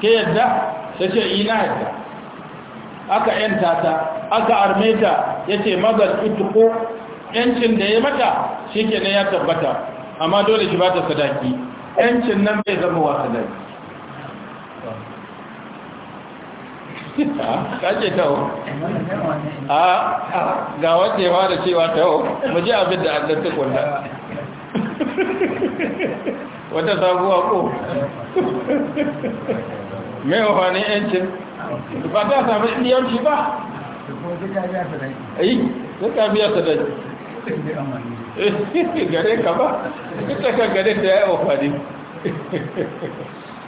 ke yadda ta ce ina yadda aka ‘yanta ta aka armeta, ya ce mazal ituku ‘yancin da ya mata shi ke ya tabbata amma dole ki ba ta sadaki ‘yancin nan bai zama wa sadaki ka ce tawo a ga wace fara cewa tawo mu ji abin da Allah ta kulla [LAUGHS] wata sabuwa ko [LAUGHS] mai wafanin yancin ba ta sami yanci ba yi suka biya sadaki [LAUGHS] gare ka ba ita kan gare ta ya yi wafani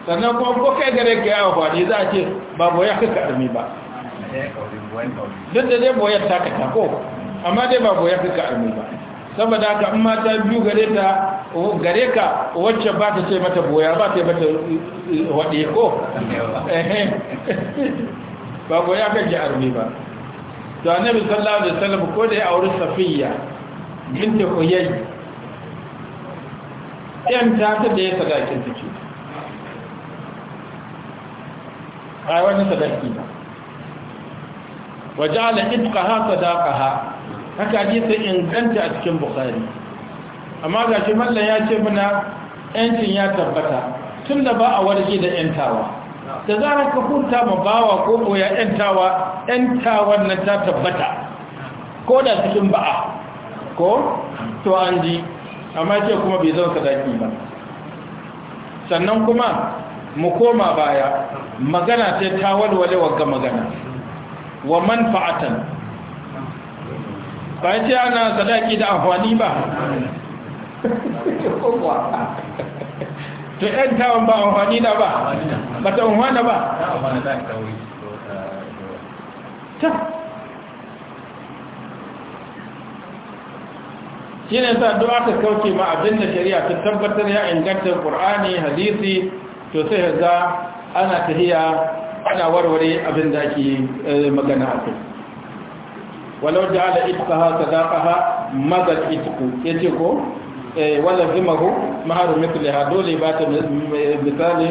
sannan kuma ko kai gare ka yawa ba za a ce ba boya ka karmi ba duk da zai boyar ta kata ko amma dai ba boya ka karmi ba saboda haka in mata biyu gare ta gare ka wacce ba ta ce mata boya ba ta yi mata eh, waɗe ko ba boya ka ji armi ba to nabi sallallahu alaihi wasallam ko da ya auri safiya binta koyayi yan ta ta da ya sadakin ciki ai wani sadaki ba waja'ala ibqaha sadaqaha haka hadisi inganta a cikin bukhari amma ga shi mallan ya ce muna yancin ya tabbata tunda ba a warje da yantawa da zarar ka furta ma bawa ko koya yantawa yantawa na ta tabbata ko da cikin ba'a ko to an ji amma ce kuma bai zama sadaki ba sannan kuma mu koma baya magana ce ta walwale wagga magana wa manfa'atan ba ce ana sadaki da amfani ba to yan tawon ba amfani na ba ba ta amfana ba Ta. shi ne sa duk aka kauce ma abin da shari'a ta tabbatar ya inganta ƙur'ani hadisi to sai ya ana tahiya ana warware abin da ake eh, magana a kai walau da ala itqaha sadaqaha madal itqu yace ko eh, wala zimahu maharu mithliha dole ba ta misali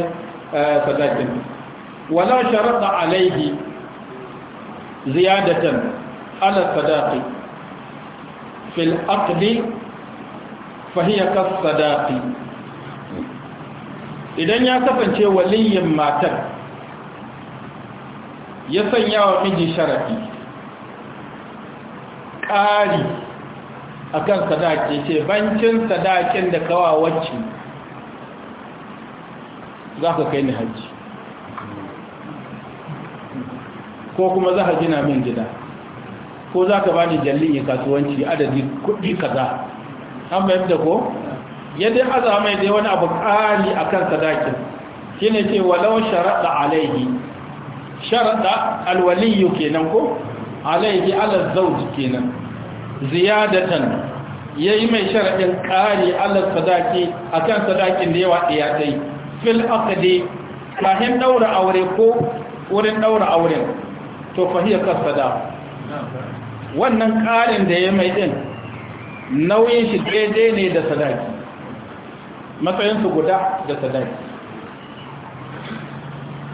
eh, sadaqin walau sharada alaihi ziyadatan ala sadaki fil aqdi fahiya kas idan ya kasance waliyin matar ya sanya wa miji sharafi ƙari a kan sadaki ce bancin sadakin da wacce za ka kai ni hajji ko kuma za ka gina min gida ko za ka ba ni jallin ya kasuwanci adadi kuɗi kaza an bayan da ko ya dai aza mai dai wani abu ƙari a kan sadakin shi ne ce walau sharaɗa alaihi sharaɗa alwaliyu kenan ko alaihi alas zauji kenan ziyadatan ya yi mai sharaɗin ƙari ala sadaki a kan sadakin da yawa ɗaya dai fil akadi kahin ɗaura aure ko wurin ɗaura aure. to fahiyar kasada wannan ƙarin da ya mai ɗin nauyin shi daidai ne da sadaki matsayinsu guda da sadaki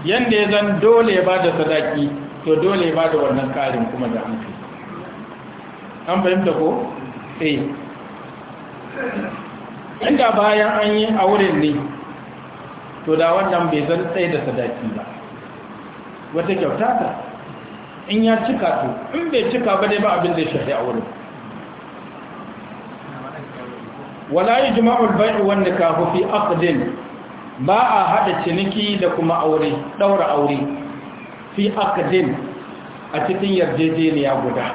yadda ya zan dole ya ba da sadaki to dole ya ba da wannan karin kuma da hankali an fahimta ko? eh inda bayan an yi auren ne to da wannan bai zan tsaye da sadaki ba wata kyauta ta in ya cika to in bai cika ba dai ba abin da ya shafi a wurin wala yajma'u al-bay'u wani nikahu fi aqdin ba a haɗa ciniki da kuma aure ɗaura aure fi aqdin a cikin yarjejeniya guda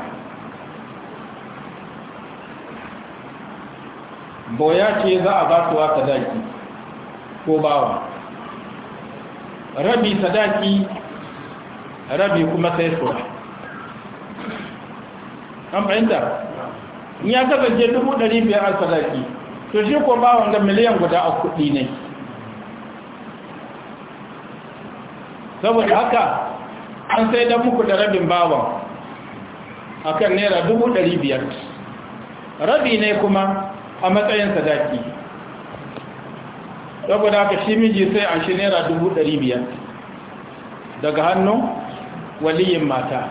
boya ce za a ba su wa sadaki ko bawa rabi sadaki rabi kuma sai sura an fahimta ya kasance dubu ɗari biyar al sadaki to shi ko ba wanda miliyan guda a kudi ne saboda haka an sai da muku da rabin bawan a kan naira dubu dari biyar rabi ne kuma a matsayin sadaki saboda haka shi miji sai anshi shi naira dubu dari biyar daga hannu waliyin mata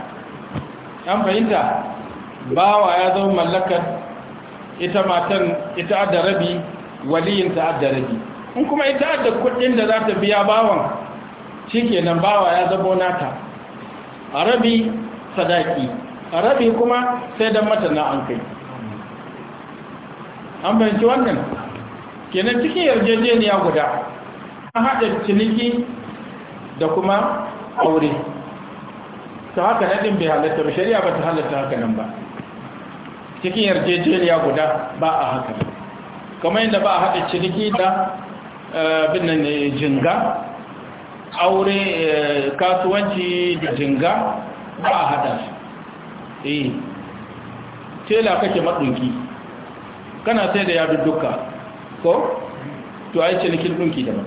an fahimta bawa ya zo mallakar ita matan ita da rabi waliyin ta da rabi in kuma ita da kudin da za ta biya bawan shikenan bawa ya zabo nata a rabi sadaki a rabi kuma sai dan mata na an kai an bayanci wannan kenan cikin yarjejeniya guda an haɗa ciniki da kuma aure ta haka nadin bai halatta ba shari'a ba ta halatta haka nan ba cikin yarjejeniya guda ba a haka kamar yadda ba a haɗa ciniki da eh, binnan jinga aure eh, kasuwanci da jinga ba a haɗa shi eh tela kake maɗunki kana sai da yadu duka ko to a yi cinikin ɗunki ba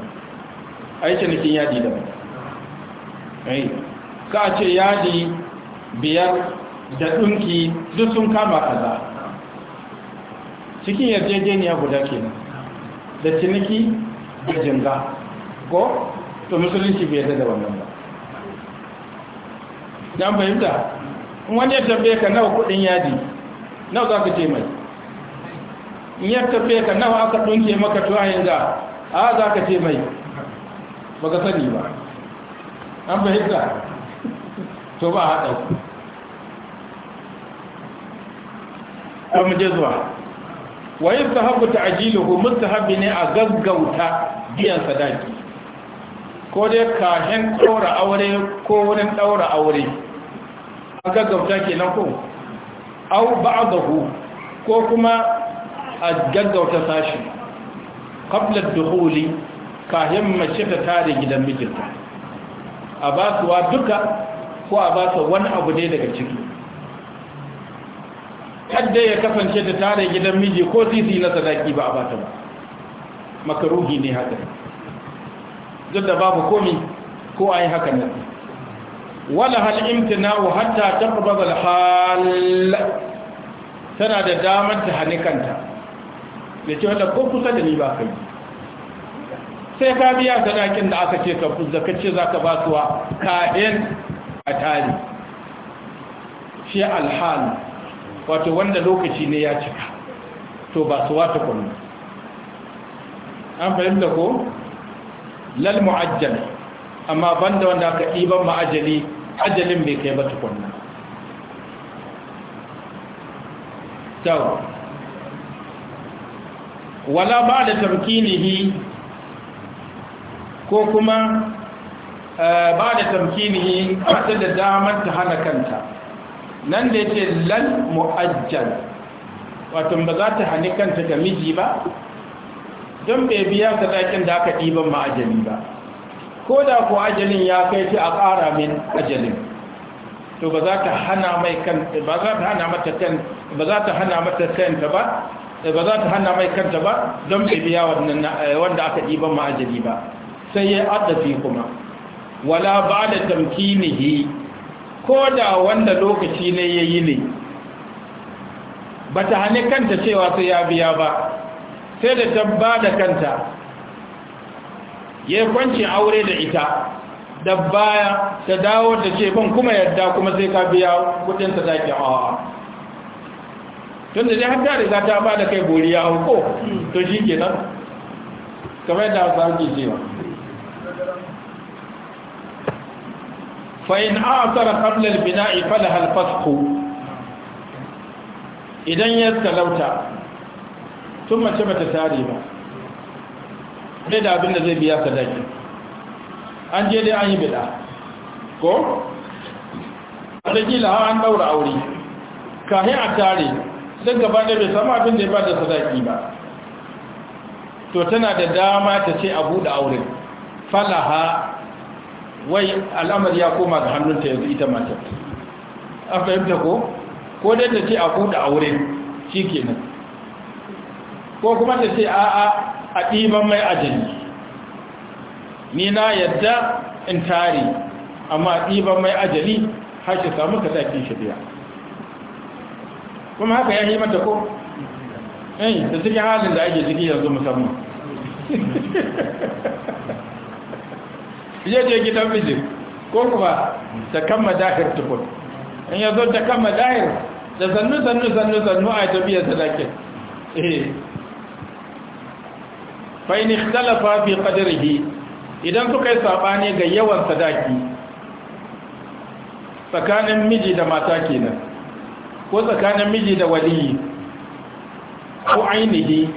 a yi cinikin yadi da daban eh, ka ce yadi biyar da ɗunki duk sun kama kaza cikin yarjejeniya guda kenan da ciniki da jinga ko to musulunci bai yadda da wannan ba don fahimta in wani ya tambaye ka nawa kudin yadi nawa za ka ce mai in ya tambaye ka nawa aka dunke maka tuwa yanzu, a za ka ce mai ba ka sani ba an fahimta to ba haɗa ku. Ɗan mu je zuwa. wa yin sahabu ta ajiluhu mustahabi ne a gaggauta biyan sadaki ko dai kashen ɗaura aure ko wani ɗaura aure a gaggauta ke nan ko au ba a ba'adahu ko kuma a gaggauta sashi ƙablar duhuli kayan mace ta tare gidan mijinta a ba su wa duka ko a ba su wani abu ne daga ciki kadda ya kasance da tare gidan miji ko sisi na sadaki ba a bata ba makaruhi ne haka duk da babu komi ko a yi haka nan wala hal wa hatta taqbada al hal tana da damar ta hani kanta da ce wanda ko kusa da ni ba kai sai ka biya sadakin da aka ce ka zakace za ka basuwa ka'in a tare shi alhal wato wanda lokaci ne ya cika to ba su wata kwanu an fahimta ko lal mu'ajjal amma banda wanda aka ɗiban ma'ajali ajalin bai kai ba tukunna tau wala ba da tamkinihi ko kuma eh, ba da tamkinihi ba da damar ta hana kanta nan da yake lal mu'ajjal wato ba za ta hani kanta ga miji ba don bai biya ta sadakin da aka ɗiban ma ajali ba ko da ko ajalin ya kai shi a ƙara min ajalin to ba za ta hana mai kanta ba za ta hana mata ba za kanta ba ba za ta hana mai kanta ba don bai biya eh, wanda aka ɗiban ma ajali ba sai ya addafi kuma wala ba da tamkinihi ko da wanda lokaci ne ya yi ne ba ta hannu kanta cewa sai ya biya ba sai da ta ba da kanta ya yi kwanci aure da ita da baya ta dawo da ce ban kuma yadda kuma sai ka biya kudin ta zaki awa tun da dai har da za ta ba da kai boriya ko to shi ke nan, kamar yadda hausa ke cewa fa'in asara ƙablar bina'i fada halfasko idan ya talauta tun mace bata tare ba ɗai da abin da zai biya sadaki an je dai an yi bida ko? ƙarƙila ha an daura aure kahin a tare sun gaba da bai sama abin da ya ba da sadaki ba to tana da dama ta ce a buɗe auren falaha wai al'amari ya koma ga hannunta yanzu ita mata an fahimta ko ko dai ta ce a kuɗa aure shi kenan ko kuma ta ce a'a a ɗiban mai ajali ni na yadda in tari amma ɗiban mai ajali har shi samu ka tafi shi biya kuma haka ya yi mata ko eh da cikin halin da ake ciki yanzu musamman [LAUGHS] ya je gidan mijin ko kuma ta kama dahir tukun in ya zo ta kama dahir da zannu zannu zannu zannu a tafiya sadakin eh. fa'in ikhtalafa fi qadrihi idan suka yi sabani ga yawan sadaki tsakanin miji da mata kenan ko tsakanin miji da waliyi ko ainihi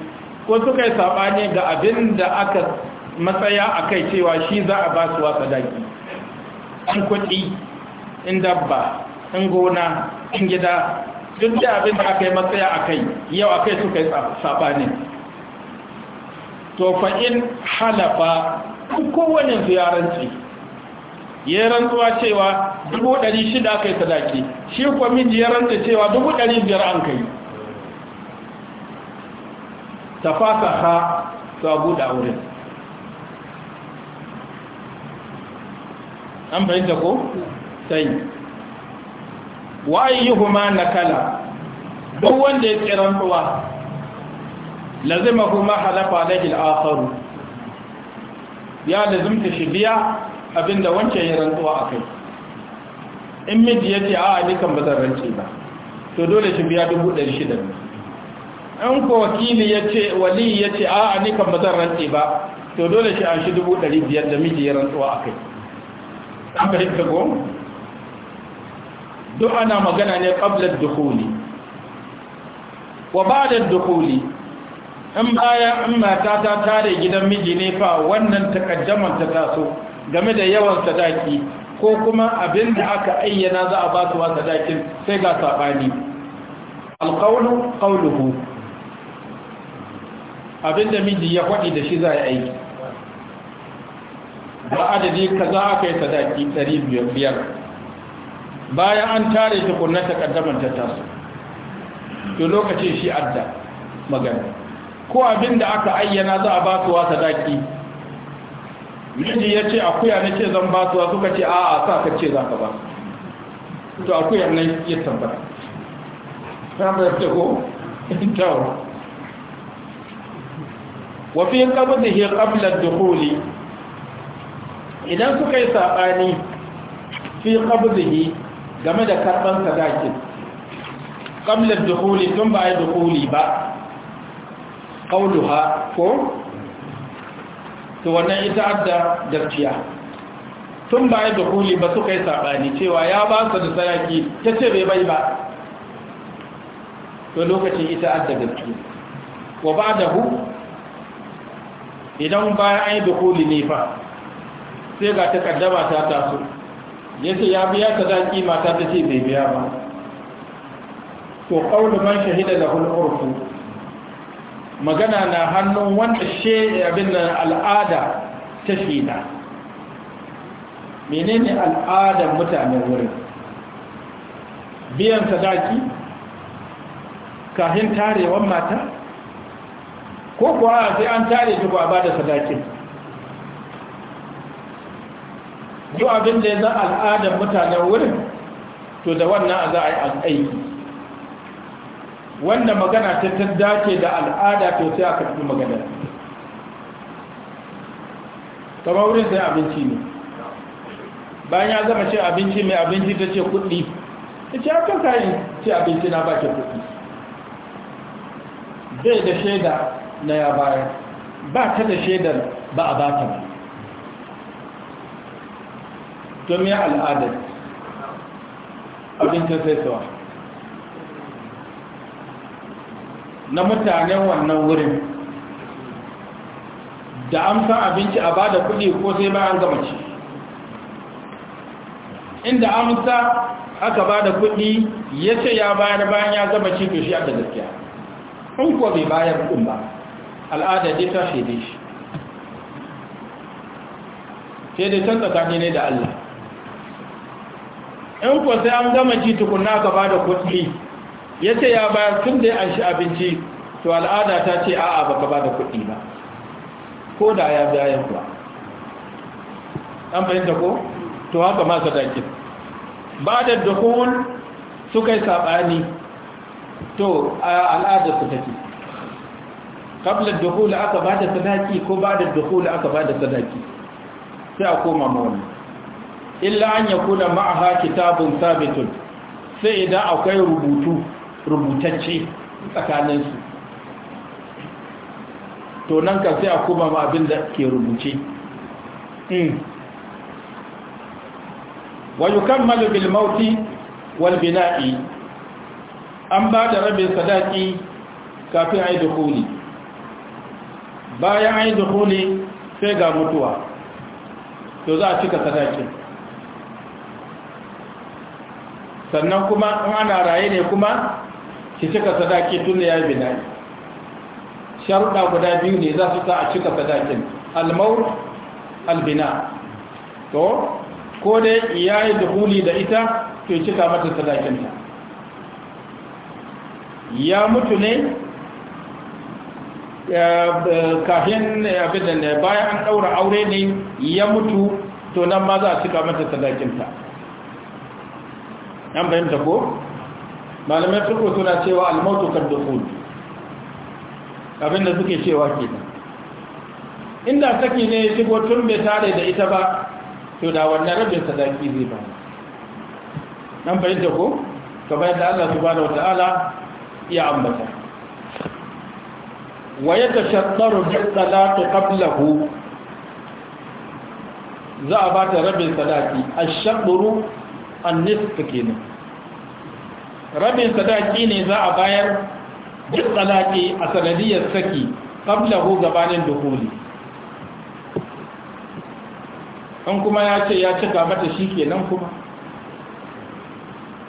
ko suka yi sabani ga abin da aka matsaya a kai cewa shi za a ba su wasa daki an kuɗi in dabba in gona in gida duk da abin da aka yi matsaya a kai yau a kai suka yi saɓani to fa'in halafa kowane ziyaranci ya rantsuwa cewa dubu ɗari shida aka yi sadaki shi kuwa ya rantsa cewa dubu ɗari biyar an kai fasa ha su abu da wurin an fahimta ko sai wa na nakala duk wanda ya tsiran tuwa lazima kuma halafa alaihi al ya lazimta shi biya abinda wancan ya rantsuwa akai in miji ce, a'a ni kan bazan rance ba to dole shi biya 1600 in ko wakili ce wali ce, a'a ni kan bazan rance ba to dole shi an shi 1500 da miji ya rantsuwa akai an fahimta ko duk ana magana ne ƙablar dukuli wa ba da dukuli in bayan in mata ta tare gidan miji ne fa wannan takaddaman ta taso game da yawan sadaki ko kuma abin da aka ayyana za a ba su sadakin sai ga saɓani alƙaunin ƙaunuhu abin da miji ya faɗi da shi za a aiki ba adadi za a yi sadaki 500 bayan an tare shi kunna ta taso to lokacin shi adda magana ko abin da aka ayyana za a basuwa sadaki miji ya ce akuya na ce zan basuwa suka ce a'a sa ka ce za ka ba to akuya nan ya tambata ta mai ta ko tawo wa fi qabdihi qabla ad idan suka yi saɓani fi ƙabdihi game da karɓar sadakin ƙamlar dukuli tun ba a yi ba ƙauluha ko to wannan ita adda gaskiya tun ba ya dukuli ba suka yi saɓani cewa ya ba su da sayaki ta ce bai bai ba to lokacin ita adda gaskiya wa ba da hu idan ba an yi dukuli ne fa sai ga takaddama ta taso ya ya biya ta mata ta ce bai biya ba to ƙaunar man shahida da hulurfu magana na hannun wanda she abin al'ada ta shida menene al'adar mutanen wurin biyan sadaki kahin tarewar mata ko kuwa sai an tare shi ba da sadakin yi abin da ya za al'adar mutanen wurin to da wannan za a yi aiki wanda magana ta dace da al'ada to sai aka fi magana kamar wurin sai abinci ne bayan ya zama ce abinci mai abinci ta ce kudi ta ce aka kayan ce abinci na ba ke kudi bai da shaida na ya bayan ba ta da shaidar ba a ba ta ba don ya al'adar abin ta sai sawa na mutanen wannan wurin da amsa abinci a bada kuɗi ko sai bayan gama ci inda amsa aka bada kuɗi ya ce ya bayar bayan ya gama ci to shi da gaskiya in kuwa bai bayar kuɗin ba al'ada dai ta shaide shi sai dai can tsakani ne da Allah in ko sai an gama ji tukunna gaba da kuɗi ya ce ya bayar tun da an shi abinci to al'ada ta ce a'a baka bada kuɗi ba ko da ya biya yan kuwa an fahimta ko to haka ma sadakin ba da dukun su kai sabani to al'ada su take kablar dukun aka ba da sadaki ko ba da dukkan aka ba da sadaki sai a koma mu wani illa an ya kuna ma'aha kitabun sabitun sai idan akwai rubutu rubutacce tsakaninsu to nan ka sai a kuma ma abin da ke rubuce hmm. wa yukammalu bil mauti wal an ba da rabin sadaki kafin a yi bayan a yi sai ga mutuwa to za a cika sadakin sannan kuma in ana raye ne kuma ki cika sadaki tun da ya bi nayi sharuɗa guda biyu ne za su sa a cika sadakin almaur albina to ko dai ya yi duhuli da ita to cika mata sadakinta ya mutu ne kafin abin da bayan an ɗaura aure ne ya mutu to nan ma za a cika mata sadakinta an ta ko malamai turko suna cewa almautu kan dukul abinda suke cewa ke da, inda saki ne shigo tun bai tare da ita ba to da wannan rabin sadaki zai ba an bayyanta ko kamar yadda Allah subhanahu ta'ala ya ambata wa shattaru bi salati qablahu za a ba ta rabin sadaki a shaqru annis kenan rabin sadaki ne za a bayar duk talaki a sanadiyar saki ko gabanin dukuli an kuma ya ce ya cika mata shi nan kuma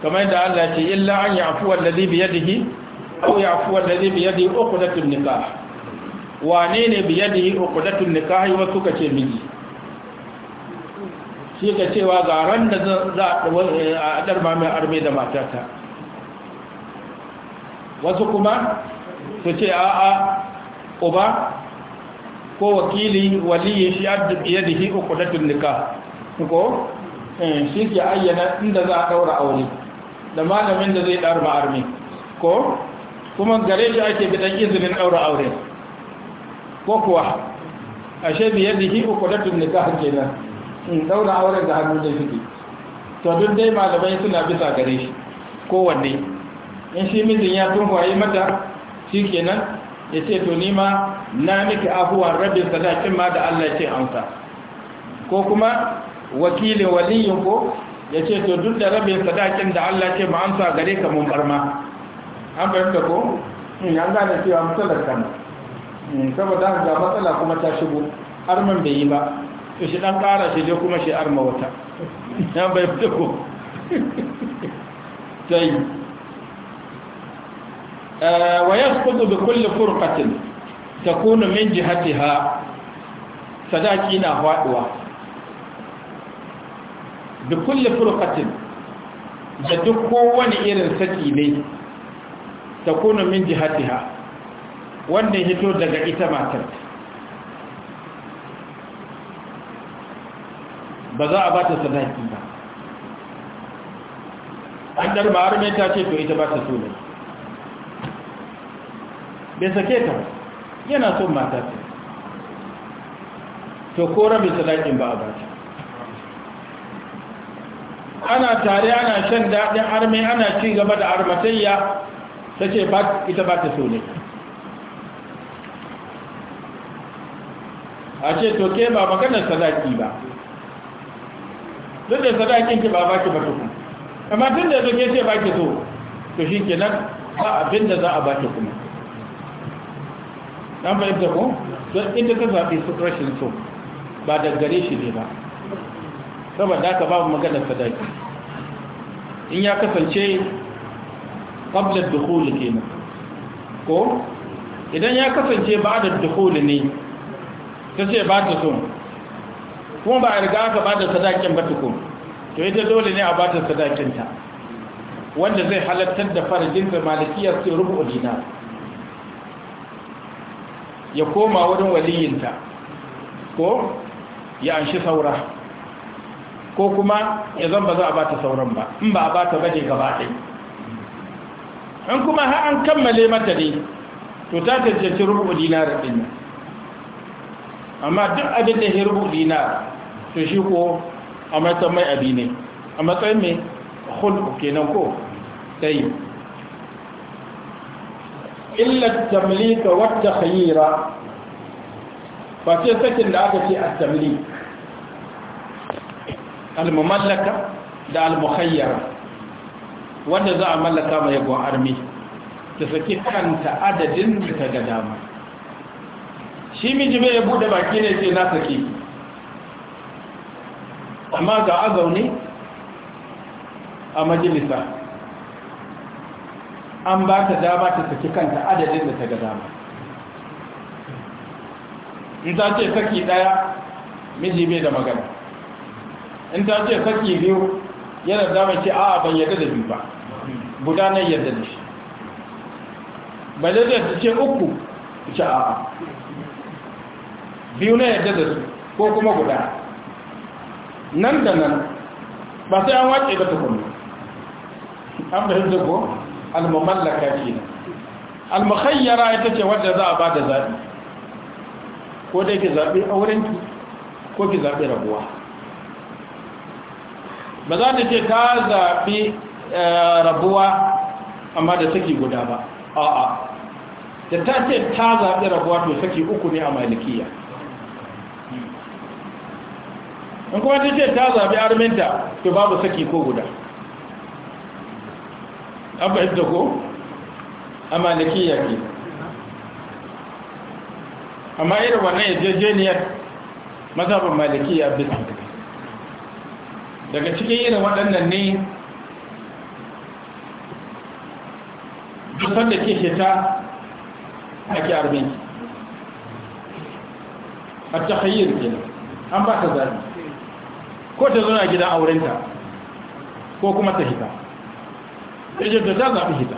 kamar da Allah ce illa an ya afuwa alladhi bi yadihi ko ya afuwa da bi yadihi uqdatun nikah wane ne bi yadihi uqdatun nikah wasu kace miji shi ka cewa ga ran da za a ɗarba mai arme da matata wasu kuma su ce a, a uba ko wakili waliyi shi ya da shi uku da tunnika ko eh, shi ke ayyana inda za a ɗaura aure da malamin da zai ɗarba arme ko kuma gare shi ake bidan izinin ɗaura aure ko kuwa ashe biyar da shi uku da tunnika kenan in daura auren da hannu da suke to duk dai malamai suna bisa gare shi kowanne in shi mijin ya tunwaye mata shi kenan ya ce to nima na miki afuwan rabin sadakin ma da Allah ce amsa ko kuma wakilin waliyin ko ya ce to duk da rabin sadakin da Allah ce ma amsa gare ka mun barma an fahimta ko in hmm, an gane cewa matsalar kan hmm, saboda ga matsala kuma ta shigo har man bai yi ba to shi dan kara shi je kuma shi arma wata ya bai fita ko sai eh, wa yasqutu bi kulli furqatin takunu min jihatiha sadaki na faduwa bi kulli furqatin da duk kowane irin saki ne takunu min jihatiha wanda hito daga ita matar ba za a ba ta sadaki ba an dar mai ta ce to ita ba ta so ne bai sake ta yana son mata ta to ko rabi sadakin ba a ba ta ana tare ana shan daɗin arme ana ci gaba da armatayya ta ce ita ba ta so ne a ce to ke ba maganar sadaki ba duk da sadakin ki ba baki ba tukun amma tun da zo ke ce baki so to shi ke nan ba abin da za a baki kuma dan fahimta ko don inda ka zaɓi su rashin so ba da gare shi ne ba saboda haka babu maganar sadaki in ya kasance qabla dukhul nan, ko idan ya kasance ba da dukhul ne ta ce ba ta so kuma ba a riga aka ba da sadakin ba tukun to ita dole ne a ba ta sadakinta wanda zai halattar da farajin da malikiyar sai rubu dinar ya koma wurin waliyinta ko ya anshi saura ko kuma ya zan ba za a ba ta sauran ba in ba a ba ta bane gaba ɗai in kuma ha an kammale mata ne to ta cancanci rubu da ɗin amma duk abin da ya rubu dina to shi ko a matsayin mai abi ne a matsayin mai hulku kenan ko sai illar tamlika wata khayira ba ce sakin da aka ce a tamli almamallaka da almuhayyara wanda za a mallaka mai yabon armi ta saki kanta adadin da ta ga dama shi miji bai ya bude baki ne ce na saki amma ga a zaune a majalisa an ba ta dama ta saki kanta adadin da ta ga dama in ta ce saki daya miji bai da magana in ta ce saki biyu yana dama ce a ban yadda da biyu ba gudanar yadda da shi ba da ta ce uku ce a'a biyu na yadda da su ko kuma guda nan da nan ba sai an wace da tukunni an fahimta ko almamallaka ce na almakhayyara ita ce wadda za a ba da zaɓi ko dai ki zaɓi aurenki ko ki zaɓi rabuwa ba za ta ce ta zaɓi eh, rabuwa amma da saki guda ba a'a da ta ce ta zaɓi rabuwa to saki uku ne a malikiya in kuma ta ce ta zaɓi arminta to babu saki ko guda abba idda ko a malikiya ke amma irin wannan mazabin maliki ya bisa daga cikin irin waɗannan ne dusar da ke a ake arminta a ta hayyar an ba ta zaɓi ko ta zauna gidan aurenta ko kuma ta hita da ta zaɓi hita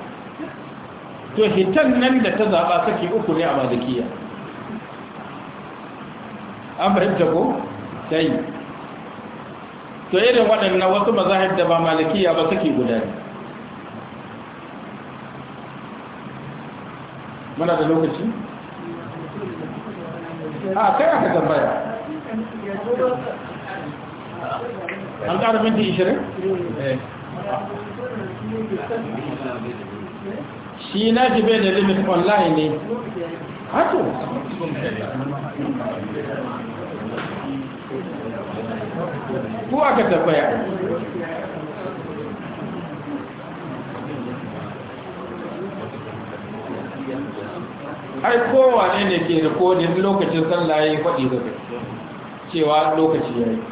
to hitan nan da ta zaɓa saki uku ne a mazakiya an fahimta ko ta yi to irin waɗannan wasu mazahib da ba malakiya ba saki guda ne muna da lokaci? a kai aka tambaya an eh. da limit online ne aka tabbaya ai kowane ne ke rikodin lokacin sallaye kwaɗi yi cewa lokaci yayi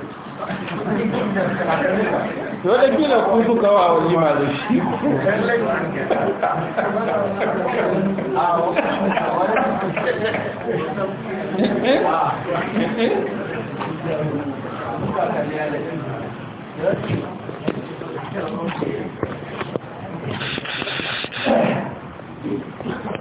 dole gina ku suka wa wani ma shi